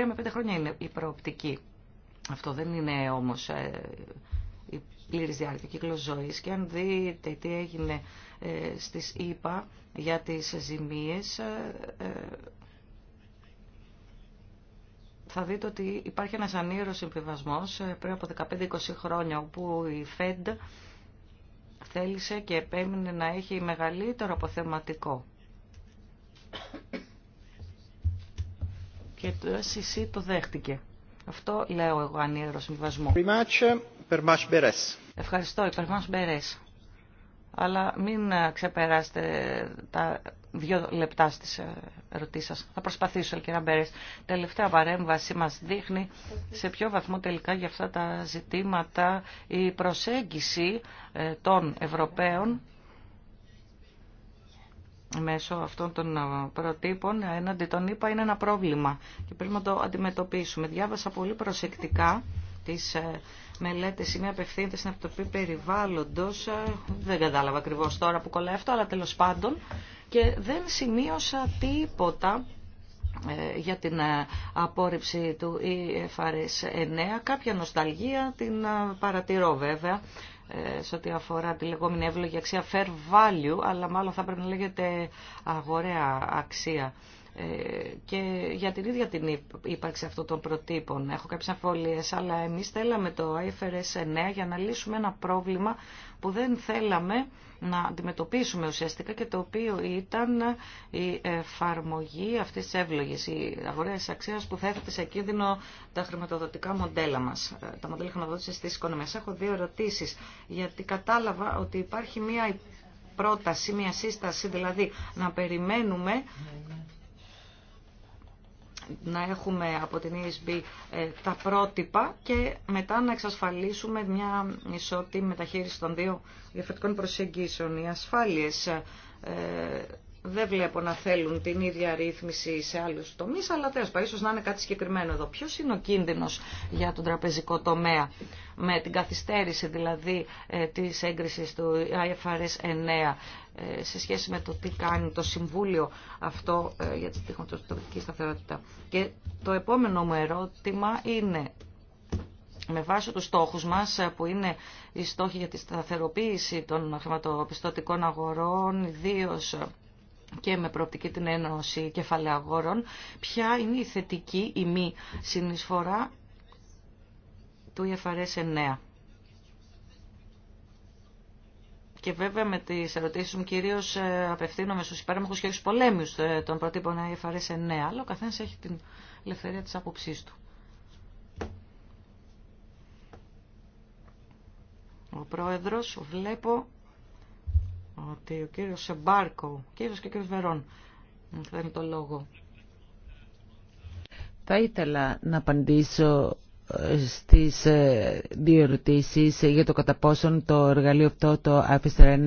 πέντε χρόνια είναι η προοπτική. Αυτό δεν είναι όμω ε, η πλήρη διάρκεια κύκλο ζωή. και αν δείτε τι έγινε ε, στι ΗΠΑ για τι ζημίε θα δείτε ότι υπάρχει ένας ανήρος συμβιβασμός ε, πριν από 15-20 χρόνια όπου η ΦΕΔ θέλησε και επέμεινε να έχει μεγαλύτερο αποθεματικό. Και το SEC το δέχτηκε. Αυτό λέω εγώ ανήρω συμβιβασμό. Ε, Ευχαριστώ, υπερμάς Μπερές. Αλλά μην ε, ξεπεράσετε τα δύο λεπτά στις ε, ερωτήσεις σας. Θα προσπαθήσω, κύριε Μπέρες. Τελευταία παρέμβαση μας δείχνει σε ποιο βαθμό τελικά για αυτά τα ζητήματα η προσέγγιση ε, των Ευρωπαίων μέσω αυτών των ε, προτύπων έναντι των είπα είναι ένα πρόβλημα και πρέπει να το αντιμετωπίσουμε. Διάβασα πολύ προσεκτικά τις Μελέτε ή με απευθύνεται στην Επιτροπή Περιβάλλοντος. Ε, δεν κατάλαβα ακριβώς τώρα που κολλάει αυτό, αλλά τέλος πάντων. Και δεν σημείωσα τίποτα ε, για την ε, απόρριψη του EFRS 9. Κάποια νοσταλγία την παρατηρώ βέβαια σε ό,τι αφορά τη λεγόμενη εύλογη αξία fair value, αλλά μάλλον θα πρέπει να λέγεται αγοραία αξία ε, και για την ίδια την ύπαρξη αυτών των προτύπων. Έχω κάποιες αμφιβολίες, αλλά εμείς θέλαμε το IFRS 9 για να λύσουμε ένα πρόβλημα που δεν θέλαμε να αντιμετωπίσουμε ουσιαστικά και το οποίο ήταν η εφαρμογή αυτής της εύλογης, η αγορά αξίας που θα έθετε σε κίνδυνο τα χρηματοδοτικά μοντέλα μας, ε, τα μοντέλα χρηματοδότησης της οικονομίας. Έχω δύο ερωτήσεις, γιατί κατάλαβα ότι υπάρχει μια πρόταση, μια σύσταση, δηλαδή να περιμένουμε να έχουμε από την ESB ε, τα πρότυπα και μετά να εξασφαλίσουμε μια ισότιμη μεταχείριση των δύο διαφορετικών προσεγγίσεων. Οι ασφάλειες ε, δεν βλέπω να θέλουν την ίδια ρύθμιση σε άλλους τομείς, αλλά τέλος πάντων ίσως να είναι κάτι συγκεκριμένο εδώ. Ποιος είναι ο κίνδυνος για τον τραπεζικό τομέα με την καθυστέρηση δηλαδή ε, της έγκρισης του IFRS 9 ε, σε σχέση με το τι κάνει το Συμβούλιο αυτό ε, για τη τεχνοτοπική σταθερότητα. Και το επόμενο μου ερώτημα είναι με βάση τους στόχους μας που είναι οι στόχοι για τη σταθεροποίηση των χρηματοπιστωτικών αγορών, ιδίω και με προοπτική την Ένωση Κεφαλαίων ποια είναι η θετική ή μη συνεισφορά του IFRS 9. Και βέβαια με τις ερωτήσεις μου κυρίως ε, απευθύνομαι στους υπέρμαχους και στους πολέμιους ε, των προτύπων IFRS 9, αλλά ο καθένας έχει την ελευθερία της άποψής του. Ο πρόεδρος βλέπω ότι ο κύριος Σεμπάρκο, κύριος και κύριος Βερόν, θα είναι το λόγο.
Θα ήθελα να απαντήσω ε, στις ε, δύο ερωτήσει για το κατά πόσον το εργαλείο αυτό το άφηστερ 9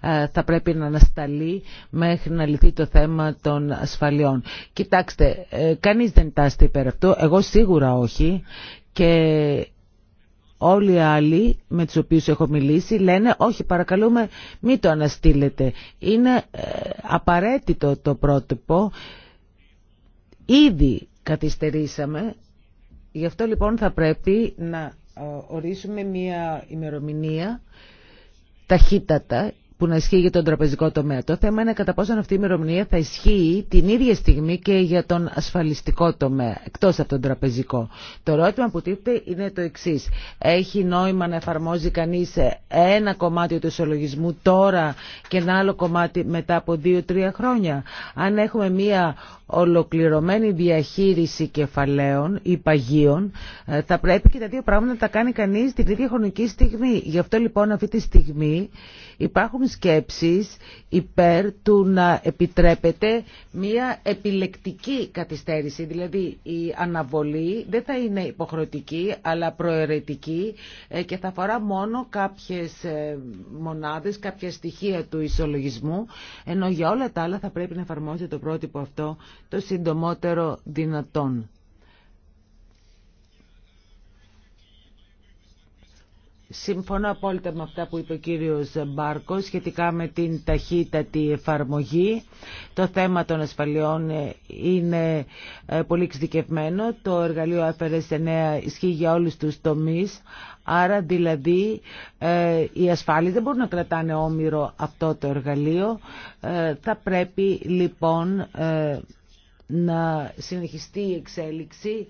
ε, θα πρέπει να ανασταλεί μέχρι να λυθεί το θέμα των ασφαλιών. Κοιτάξτε, κανείς δεν τάστη υπέρ αυτού, εγώ σίγουρα όχι και Όλοι οι άλλοι με τους οποίους έχω μιλήσει λένε όχι παρακαλούμε μην το αναστήλετε. Είναι ε, απαραίτητο το πρότυπο. Ήδη καθυστερήσαμε. Γι' αυτό λοιπόν θα πρέπει να ε, ορίσουμε μια ημερομηνία ταχύτατα που να ισχύει για τον τραπεζικό τομέα. Το θέμα είναι κατά πόσο αυτή η ημερομηνία θα ισχύει την ίδια στιγμή και για τον ασφαλιστικό τομέα, εκτό από τον τραπεζικό. Το ερώτημα που τίθεται είναι το εξή. Έχει νόημα να εφαρμόζει κανεί ένα κομμάτι του ισολογισμού τώρα και ένα άλλο κομμάτι μετά από δύο-τρία χρόνια. Αν έχουμε μία ολοκληρωμένη διαχείριση κεφαλαίων ή παγίων, ε, θα πρέπει και τα δύο πράγματα να τα κάνει κανεί την ίδια χρονική στιγμή. Γι' αυτό λοιπόν αυτή τη στιγμή υπάρχουν σκέψεις υπέρ του να επιτρέπεται μία επιλεκτική καθυστέρηση. Δηλαδή η αναβολή δεν θα είναι υποχρεωτική αλλά προαιρετική ε, και θα αφορά μόνο κάποιες ε, μονάδες, κάποια στοιχεία του ισολογισμού ενώ για όλα τα άλλα θα πρέπει να εφαρμόζεται το πρότυπο αυτό το συντομότερο δυνατόν. Συμφωνώ απόλυτα με αυτά που είπε ο κύριος Μπάρκο σχετικά με την ταχύτατη εφαρμογή. Το θέμα των ασφαλιών είναι ε, πολύ εξειδικευμένο. Το εργαλείο FRS9 ισχύει για όλους τους τομείς. Άρα δηλαδή ε, οι ασφάλειες δεν μπορούν να κρατάνε όμοιρο αυτό το εργαλείο. Ε, θα πρέπει λοιπόν να συνεχιστεί η εξέλιξη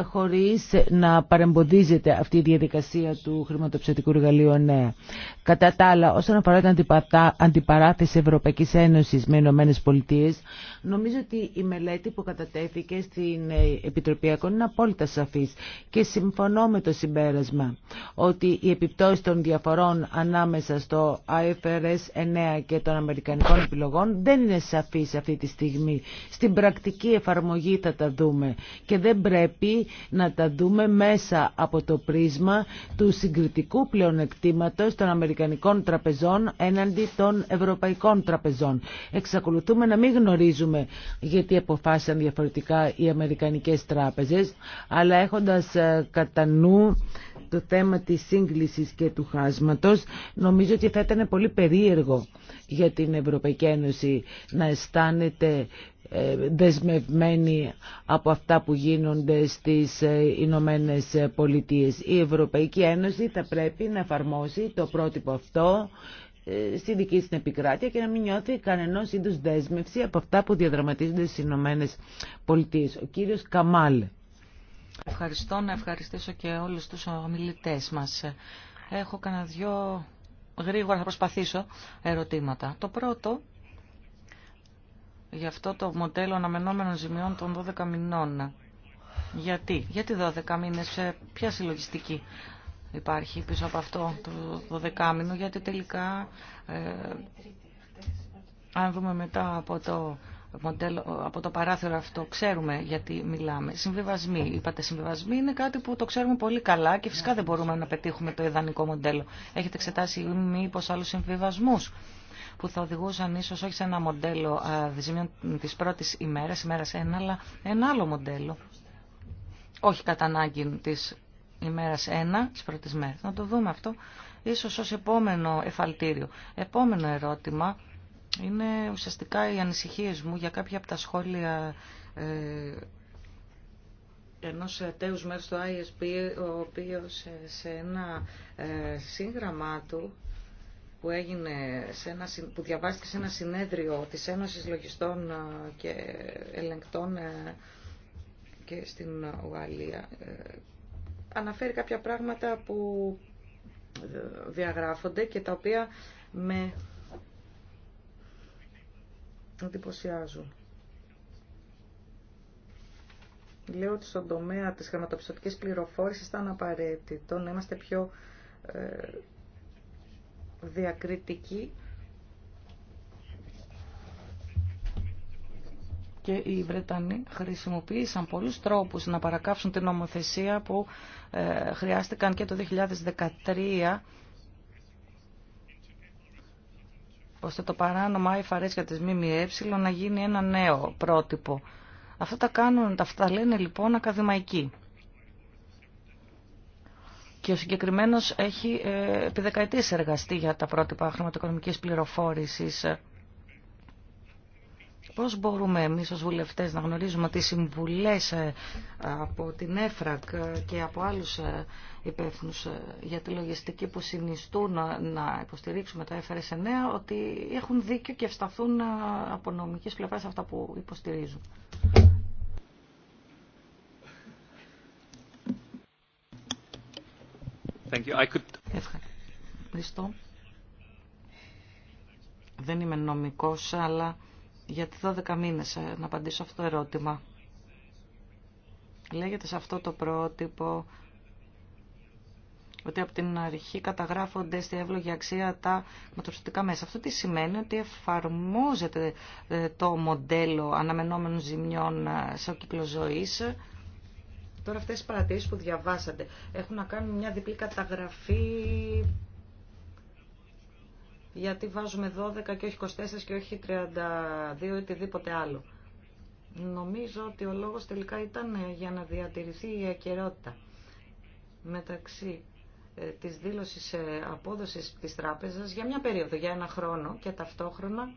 χωρίς να παρεμποδίζεται αυτή η διαδικασία του χρηματοψηφιακού εργαλείου νέα. Κατά τα άλλα, όσον αφορά την αντιπαράθεση Ευρωπαϊκής Ένωσης με Ηνωμένες Πολιτείες, νομίζω ότι η μελέτη που κατατέθηκε στην ε, Επιτροπή Ακών είναι απόλυτα σαφής και συμφωνώ με το συμπέρασμα ότι η επιπτώση των διαφορών ανάμεσα στο IFRS 9 και των Αμερικανικών επιλογών δεν είναι σαφή αυτή τη στιγμή. Στην πρακτική εφαρμογή θα τα δούμε και δεν πρέπει να τα δούμε μέσα από το πρίσμα του συγκριτικού πλεονεκτήματος των Αμερικανικών τραπεζών έναντι των Ευρωπαϊκών τραπεζών. Εξακολουθούμε να μην γνωρίζουμε γιατί αποφάσισαν διαφορετικά οι Αμερικανικές τράπεζες, αλλά έχοντας ε, κατά νου το θέμα της σύγκλησης και του χάσματος νομίζω ότι θα ήταν πολύ περίεργο για την Ευρωπαϊκή Ένωση να αισθάνεται δεσμευμένοι από αυτά που γίνονται στις ε, Ηνωμένε Πολιτείε. Η Ευρωπαϊκή Ένωση θα πρέπει να εφαρμόσει το πρότυπο αυτό ε, στη δική της επικράτεια και να μην νιώθει κανένας είδους δέσμευση από αυτά που διαδραματίζονται στις Ηνωμένε Πολιτείε. Ο κύριος Καμάλ.
Ευχαριστώ να ευχαριστήσω και όλους τους ομιλητέ μας. Έχω κανένα δυο γρήγορα θα προσπαθήσω ερωτήματα. Το πρώτο Γι' αυτό το μοντέλο αναμενόμενων ζημιών των 12 μηνών. Γιατί, γιατί 12 μήνες, ποια συλλογιστική υπάρχει πίσω από αυτό το 12 μήνο, γιατί τελικά ε, αν δούμε μετά από το μοντέλο, από το παράθυρο αυτό, ξέρουμε γιατί μιλάμε. Συμβιβασμοί, είπατε συμβιβασμοί, είναι κάτι που το ξέρουμε πολύ καλά και φυσικά δεν μπορούμε να πετύχουμε το ιδανικό μοντέλο. Έχετε εξετάσει μήπως άλλους συμβιβασμούς που θα οδηγούσαν ίσως όχι σε ένα μοντέλο της πρώτης ημέρας, ημέρας ένα, αλλά ένα άλλο μοντέλο. Όχι κατά ανάγκη της ημέρας ένα, της πρώτης μέρας. Να το δούμε αυτό ίσως ως επόμενο εφαλτήριο. Επόμενο ερώτημα είναι ουσιαστικά οι ανησυχίες μου για κάποια από τα σχόλια ε, ενός τέους μέρου του ISP, ο οποίο σε ένα ε, σύγγραμμά του που, έγινε σε ένα, που διαβάστηκε σε ένα συνέδριο της Ένωσης Λογιστών ε, και Ελεγκτών ε, και στην Ουαλία ε, αναφέρει κάποια πράγματα που διαγράφονται και τα οποία με εντυπωσιάζουν. Λέω ότι στον τομέα της χρηματοπιστωτικής πληροφόρησης ήταν απαραίτητο να είμαστε πιο διακριτική και οι Βρετανοί χρησιμοποίησαν πολλούς τρόπους να παρακάψουν την νομοθεσία που ε, χρειάστηκαν και το 2013 ώστε το παράνομα IFRS για τις ΜΜΕ να γίνει ένα νέο πρότυπο. Αυτά τα κάνουν, τα, αυτά τα λένε λοιπόν ακαδημαϊκοί. Και ο συγκεκριμένος έχει ε, επί δεκαετίες εργαστεί για τα πρότυπα χρηματοοικονομικής πληροφόρησης. Πώς μπορούμε εμείς ως βουλευτές να γνωρίζουμε τι οι ε, από την ΕΦΡΑΚ και από άλλους ε, υπεύθυνους για τη λογιστική που συνιστούν να υποστηρίξουμε το FRS 9 ότι έχουν δίκιο και ευσταθούν από νομικής πλευράς αυτά που υποστηρίζουν. Ευχαριστώ. Δεν είμαι νομικός, αλλά γιατί 12 μήνες ε, να απαντήσω αυτό το ερώτημα. Λέγεται σε αυτό το πρότυπο ότι από την αρχή καταγράφονται στη εύλογη αξία τα μετροπιστωτικά μέσα. Αυτό τι σημαίνει ότι εφαρμόζεται ε, το μοντέλο αναμενόμενων ζημιών ε, σε ο κύκλο ζωής Τώρα αυτές οι παρατηρήσεις που διαβάσατε έχουν να κάνουν μια διπλή καταγραφή γιατί βάζουμε 12 και όχι 24 και όχι 32 ή οτιδήποτε άλλο. Νομίζω ότι ο λόγος τελικά ήταν ε, για να διατηρηθεί η ακαιρότητα μεταξύ ε, της δήλωσης ε, απόδοσης της τράπεζας για μια περίοδο, για ένα χρόνο και ταυτόχρονα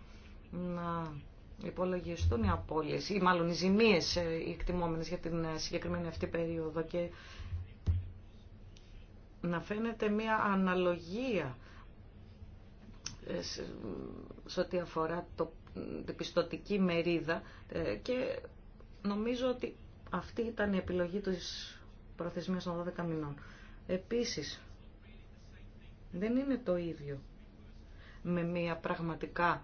να υπολογιστούν οι απώλειες ή μάλλον οι ζημίες ε, οι εκτιμόμενες για την ε, συγκεκριμένη αυτή περίοδο και να φαίνεται μια αναλογία ε, σε ό,τι αφορά το, την πιστοτική μερίδα και νομίζω ότι αυτή ήταν η επιλογή της προθεσμίας των 12 μηνών. Επίσης, δεν είναι το ίδιο με μια πραγματικά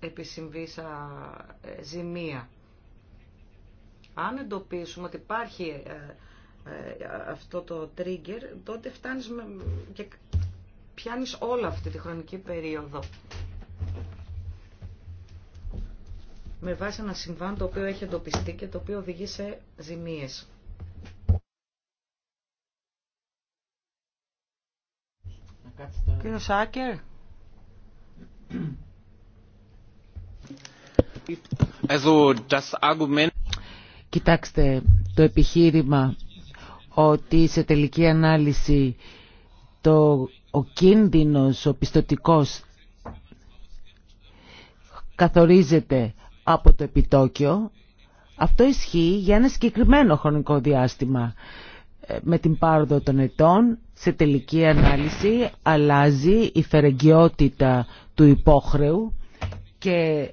επισυμβήσα ε, ζημία. Αν εντοπίσουμε ότι υπάρχει ε, ε, αυτό το trigger, τότε φτάνεις και πιάνεις όλα αυτή τη χρονική περίοδο. Με βάση ένα συμβάν το οποίο έχει εντοπιστεί και το οποίο οδηγεί σε ζημίες.
Κύριο
Σάκερ. Κοιτάξτε, το επιχείρημα ότι σε τελική ανάλυση το, ο κίνδυνος, ο πιστοτικός καθορίζεται από το επιτόκιο, αυτό ισχύει για ένα συγκεκριμένο χρονικό διάστημα. Ε, με την πάροδο των ετών, σε τελική ανάλυση, αλλάζει η φερεγγιότητα του υπόχρεου και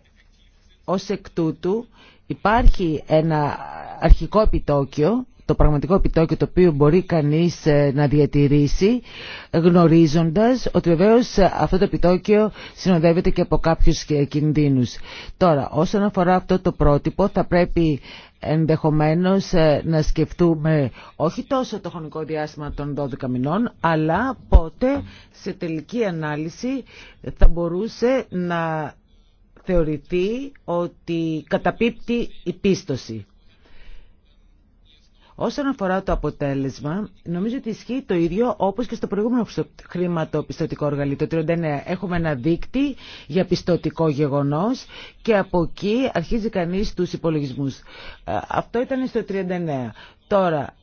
ως εκ τούτου υπάρχει ένα αρχικό επιτόκιο το πραγματικό επιτόκιο το οποίο μπορεί κανείς ε, να διατηρήσει γνωρίζοντας ότι βεβαίως ε, αυτό το επιτόκιο συνοδεύεται και από κάποιους ε, κινδύνους. Τώρα, όσον αφορά αυτό το πρότυπο θα πρέπει ενδεχομένως να σκεφτούμε όχι τόσο το χρονικό διάστημα των 12 μηνών, αλλά πότε σε τελική ανάλυση θα μπορούσε να θεωρηθεί ότι καταπίπτει η πίστοση. Όσον αφορά το αποτέλεσμα, νομίζω ότι ισχύει το ίδιο όπως και στο προηγούμενο χρηματοπιστωτικό εργαλείο, το 39. Έχουμε ένα δίκτυ για πιστωτικό γεγονός και από εκεί αρχίζει κανείς τους υπολογισμούς. Ε, αυτό ήταν στο 39. Τώρα,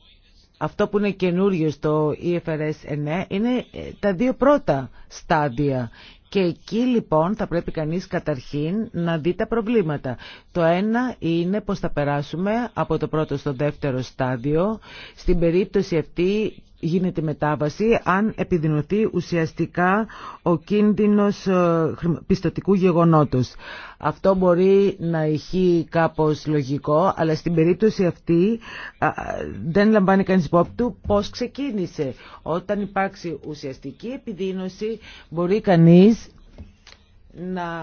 αυτό που είναι καινούριο στο IFRS 9 είναι ε, τα δύο πρώτα στάδια και εκεί λοιπόν θα πρέπει κανείς καταρχήν να δει τα προβλήματα. Το ένα είναι πως θα περάσουμε από το πρώτο στο δεύτερο στάδιο. Στην περίπτωση αυτή γίνεται μετάβαση αν επιδεινωθεί ουσιαστικά ο κίνδυνος ε, πιστοτικού γεγονότος. Αυτό μπορεί να ηχεί κάπως λογικό, αλλά στην περίπτωση αυτή δεν λαμβάνει κανείς υπόψη του πώς ξεκίνησε. Όταν υπάρξει ουσιαστική επιδείνωση μπορεί κανείς να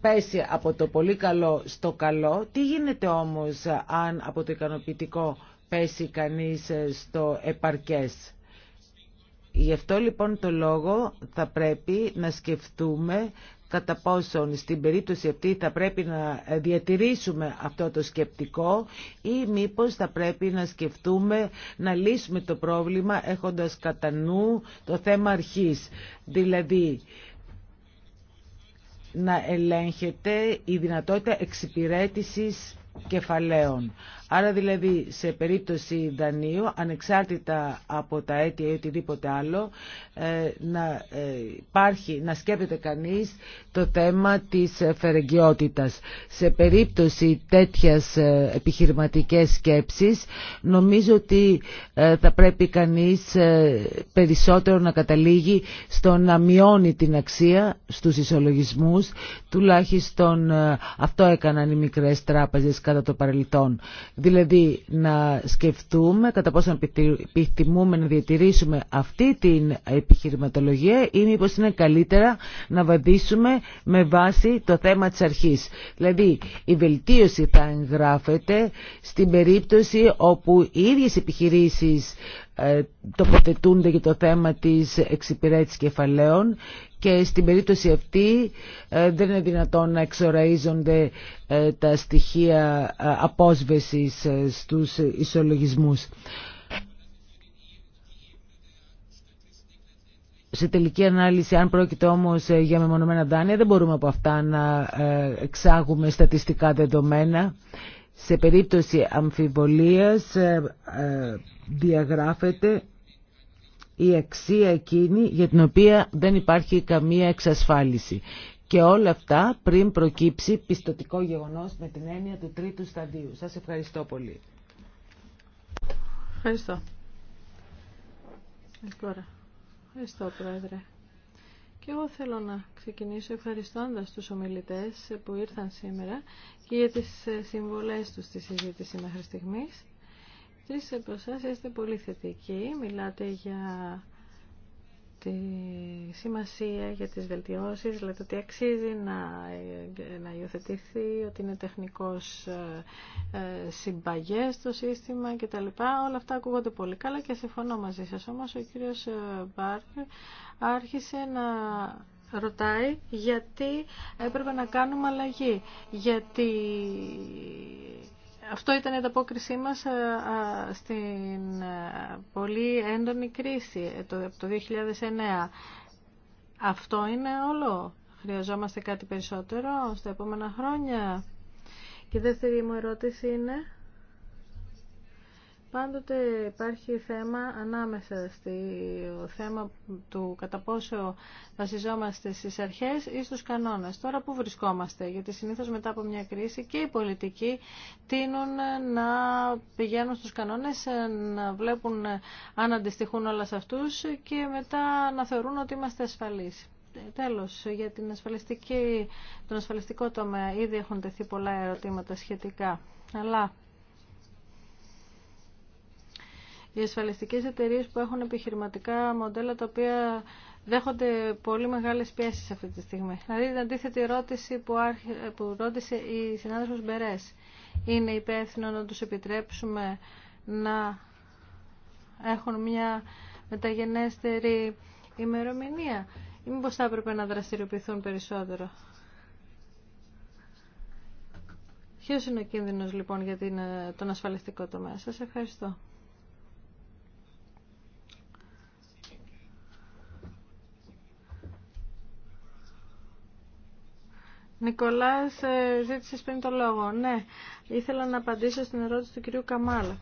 πέσει από το πολύ καλό στο καλό. Τι γίνεται όμως αν από το ικανοποιητικό πέσει κανείς ε, στο επαρκές. Γι' αυτό λοιπόν το λόγο θα πρέπει να σκεφτούμε κατά πόσον στην περίπτωση αυτή θα πρέπει να ε, διατηρήσουμε αυτό το σκεπτικό ή μήπως θα πρέπει να σκεφτούμε να λύσουμε το πρόβλημα έχοντας κατά νου το θέμα αρχής. Δηλαδή να ελέγχεται η δυνατότητα εξυπηρέτησης κεφαλαίων. Άρα δηλαδή σε περίπτωση δανείου, ανεξάρτητα από τα αίτια ή οτιδήποτε άλλο, ε, να, ε, υπάρχει, να σκέπτεται κανείς το θέμα της φερεγκιότητας. Σε περίπτωση τέτοιας ε, επιχειρηματικές σκέψης, νομίζω ότι θα πρέπει κανείς περισσότερο να καταλήγει στο να μειώνει την αξία στους ισολογισμούς, τουλάχιστον αυτό έκαναν οι μικρές τράπεζες κατά το παρελθόν. Δηλαδή να σκεφτούμε κατά πόσο επιθυμούμε να διατηρήσουμε αυτή την επιχειρηματολογία ή μήπως είναι καλύτερα να βαδίσουμε με βάση το θέμα της αρχής. Δηλαδή η βελτίωση θα εγγράφεται στην περίπτωση όπου οι ίδιες επιχειρήσεις ε, τοποθετούνται για το θέμα της εξυπηρέτησης κεφαλαίων και στην περίπτωση αυτή ε, δεν είναι δυνατόν να εξοραίζονται ε, τα στοιχεία ε, απόσβεσης στους ισολογισμούς. Σε τελική ανάλυση, αν πρόκειται όμως για μεμονωμένα δάνεια, δεν μπορούμε από αυτά να εξάγουμε στατιστικά δεδομένα. Σε περίπτωση αμφιβολίας διαγράφεται η αξία εκείνη για την οποία δεν υπάρχει καμία εξασφάλιση. Και όλα αυτά πριν προκύψει πιστοτικό γεγονός με την έννοια του τρίτου σταδίου. Σας ευχαριστώ πολύ.
Ευχαριστώ. Ευχαριστώ, Πρόεδρε. Και εγώ θέλω να ξεκινήσω ευχαριστώντας τους ομιλητές που ήρθαν σήμερα και για τις ε, συμβολές τους στη συζήτηση μέχρι στιγμής. Τρει από εσάς είστε πολύ θετικοί, μιλάτε για τη σημασία για τις βελτιώσεις, λέτε ότι αξίζει να, να υιοθετηθεί, ότι είναι τεχνικός ε, ε συμπαγές το σύστημα κτλ. Όλα αυτά ακούγονται πολύ καλά και συμφωνώ μαζί σας. Όμως ο κύριος ε, Μπάρκ άρχισε να ρωτάει γιατί έπρεπε να κάνουμε αλλαγή. Γιατί αυτό ήταν η ανταπόκρισή μας ε, στην ε, πολύ έντονη κρίση ε, από το 2009. Αυτό είναι όλο. Χρειαζόμαστε κάτι περισσότερο στα επόμενα χρόνια. Και η δεύτερη μου ερώτηση είναι πάντοτε υπάρχει θέμα ανάμεσα στο θέμα του κατά πόσο βασιζόμαστε στις αρχές ή στους κανόνες. Τώρα που βρισκόμαστε, γιατί συνήθως μετά από μια κρίση και οι πολιτικοί τείνουν να πηγαίνουν στους κανόνες, να βλέπουν αν αντιστοιχούν όλα σε αυτούς και μετά να θεωρούν ότι είμαστε ασφαλείς τέλος, για την ασφαλιστική, τον ασφαλιστικό τομέα ήδη έχουν τεθεί πολλά ερωτήματα σχετικά. Αλλά οι ασφαλιστικές εταιρείες που έχουν επιχειρηματικά μοντέλα τα οποία δέχονται πολύ μεγάλες πιέσεις αυτή τη στιγμή. Δηλαδή την αντίθετη ερώτηση που, ρώτησε η συνάδελφος Μπερές. Είναι υπεύθυνο να τους επιτρέψουμε να έχουν μια μεταγενέστερη ημερομηνία ή μήπως θα έπρεπε να δραστηριοποιηθούν περισσότερο. Ποιος είναι ο κίνδυνος λοιπόν για ε, τον ασφαλιστικό τομέα. Σας ευχαριστώ. Νικολάς, ε, ζήτησες πριν το λόγο. Ναι, ήθελα να απαντήσω στην ερώτηση του κυρίου Καμάλα.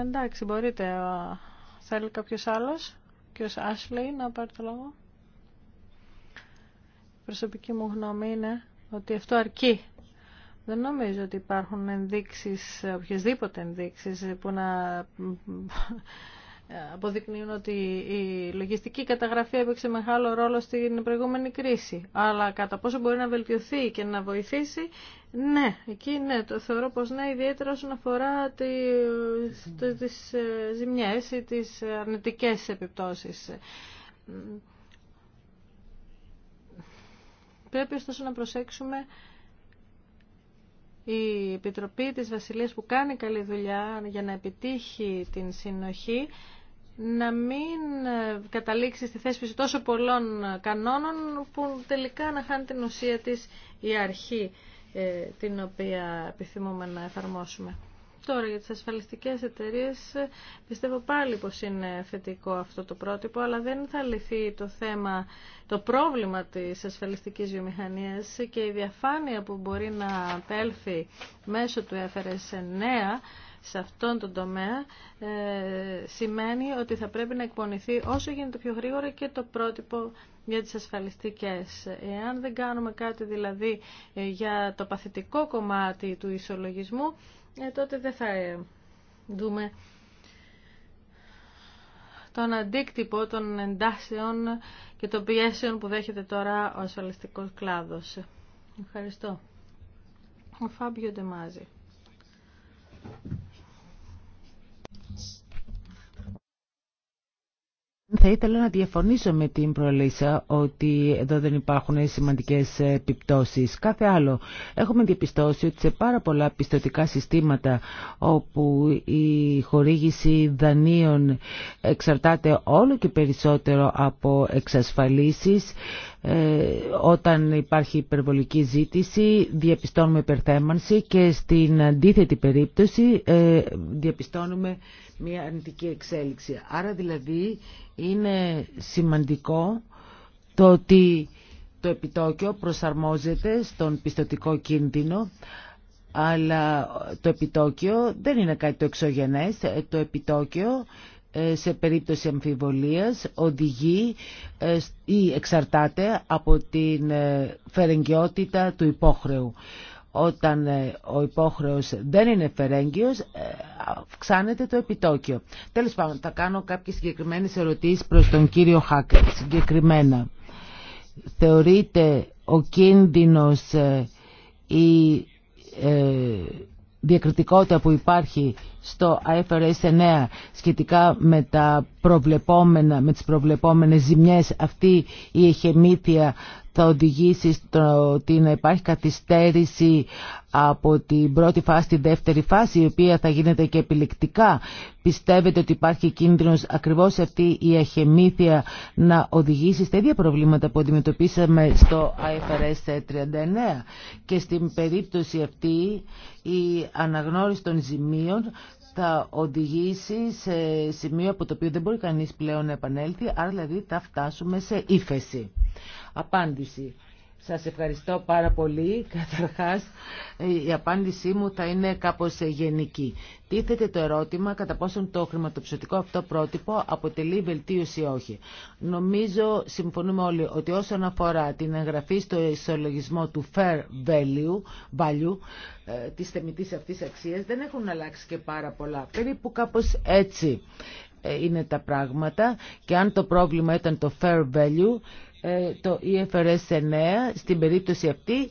εντάξει, μπορείτε. Θέλει κάποιος άλλος, κύριος Άσλεϊ, να πάρει το λόγο. Η προσωπική μου γνώμη είναι ότι αυτό αρκεί δεν νομίζω ότι υπάρχουν ενδείξεις, οποιασδήποτε ενδείξεις που να αποδεικνύουν ότι η λογιστική καταγραφή έπαιξε μεγάλο ρόλο στην προηγούμενη κρίση. Αλλά κατά πόσο μπορεί να βελτιωθεί και να βοηθήσει, ναι, εκεί ναι, το θεωρώ πως ναι, ιδιαίτερα όσον αφορά τις ε, ζημιές ή τις αρνητικές επιπτώσεις. Πρέπει ωστόσο να προσέξουμε η Επιτροπή της Βασιλείας που κάνει καλή δουλειά για να επιτύχει την συνοχή να μην ε, καταλήξει στη θέσπιση τόσο πολλών κανόνων που τελικά να χάνει την ουσία της η αρχή ε, την οποία επιθυμούμε να εφαρμόσουμε. Τώρα για τις ασφαλιστικές εταιρείες ε, πιστεύω πάλι πως είναι θετικό αυτό το πρότυπο, αλλά δεν θα λυθεί το θέμα, το πρόβλημα της ασφαλιστικής βιομηχανίας και η διαφάνεια που μπορεί να απέλθει μέσω του FRS 9 σε αυτόν τον τομέα ε, σημαίνει ότι θα πρέπει να εκπονηθεί όσο γίνεται πιο γρήγορα και το πρότυπο για τις ασφαλιστικές. Εάν δεν κάνουμε κάτι δηλαδή ε, για το παθητικό κομμάτι του ισολογισμού, ε, τότε δεν θα ε, δούμε τον αντίκτυπο των εντάσεων και των πιέσεων που δέχεται τώρα ο ασφαλιστικός κλάδος. Ευχαριστώ. Ο Φάμπιο Ντεμάζη.
Θα ήθελα να διαφωνήσω με την προελίσσα ότι εδώ δεν υπάρχουν σημαντικές επιπτώσεις. Κάθε άλλο, έχουμε διαπιστώσει ότι σε πάρα πολλά πιστοτικά συστήματα όπου η χορήγηση δανείων εξαρτάται όλο και περισσότερο από εξασφαλίσεις, ε, όταν υπάρχει υπερβολική ζήτηση διαπιστώνουμε υπερθέμανση και στην αντίθετη περίπτωση ε, διαπιστώνουμε μια αρνητική εξέλιξη. Άρα δηλαδή είναι σημαντικό το ότι το επιτόκιο προσαρμόζεται στον πιστοτικό κίνδυνο αλλά το επιτόκιο δεν είναι κάτι το εξωγενές. Ε, το επιτόκιο ε, σε περίπτωση αμφιβολίας οδηγεί ε, ή εξαρτάται από την φερεγγιότητα του υπόχρεου. Όταν ε, ο υπόχρεος δεν είναι φερέγγιος, ε, αυξάνεται το επιτόκιο. Τέλος πάντων, θα κάνω κάποιες συγκεκριμένες ερωτήσεις προς τον κύριο Χάκερ. Συγκεκριμένα, θεωρείται ο κίνδυνος ε, η διακριτικότητα που υπάρχει στο IFRS 9 σχετικά με, τα προβλεπόμενα, με τις προβλεπόμενες ζημιές αυτή η εχεμήθεια θα οδηγήσει στο ότι να υπάρχει καθυστέρηση από την πρώτη φάση τη δεύτερη φάση η οποία θα γίνεται και επιλεκτικά. Πιστεύετε ότι υπάρχει κίνδυνος ακριβώς αυτή η αχεμήθεια να οδηγήσει στα ίδια προβλήματα που αντιμετωπίσαμε στο IFRS 39 και στην περίπτωση αυτή η αναγνώριση των ζημίων θα οδηγήσει σε σημείο από το οποίο δεν μπορεί κανείς πλέον να επανέλθει, άρα δηλαδή θα φτάσουμε σε ύφεση. Απάντηση. Σας ευχαριστώ πάρα πολύ. Καταρχάς, η απάντησή μου θα είναι κάπως γενική. Τίθεται το ερώτημα κατά πόσον το χρηματοψηφιστικό αυτό πρότυπο αποτελεί βελτίωση ή όχι. Νομίζω, συμφωνούμε όλοι, ότι όσον αφορά την εγγραφή στο ισολογισμό του fair value, value ε, της θεμητής αυτής αξίας, δεν έχουν αλλάξει και πάρα πολλά. Περίπου κάπως έτσι ε, είναι τα πράγματα και αν το πρόβλημα ήταν το fair value, ε, το IFRS e 9 στην περίπτωση αυτή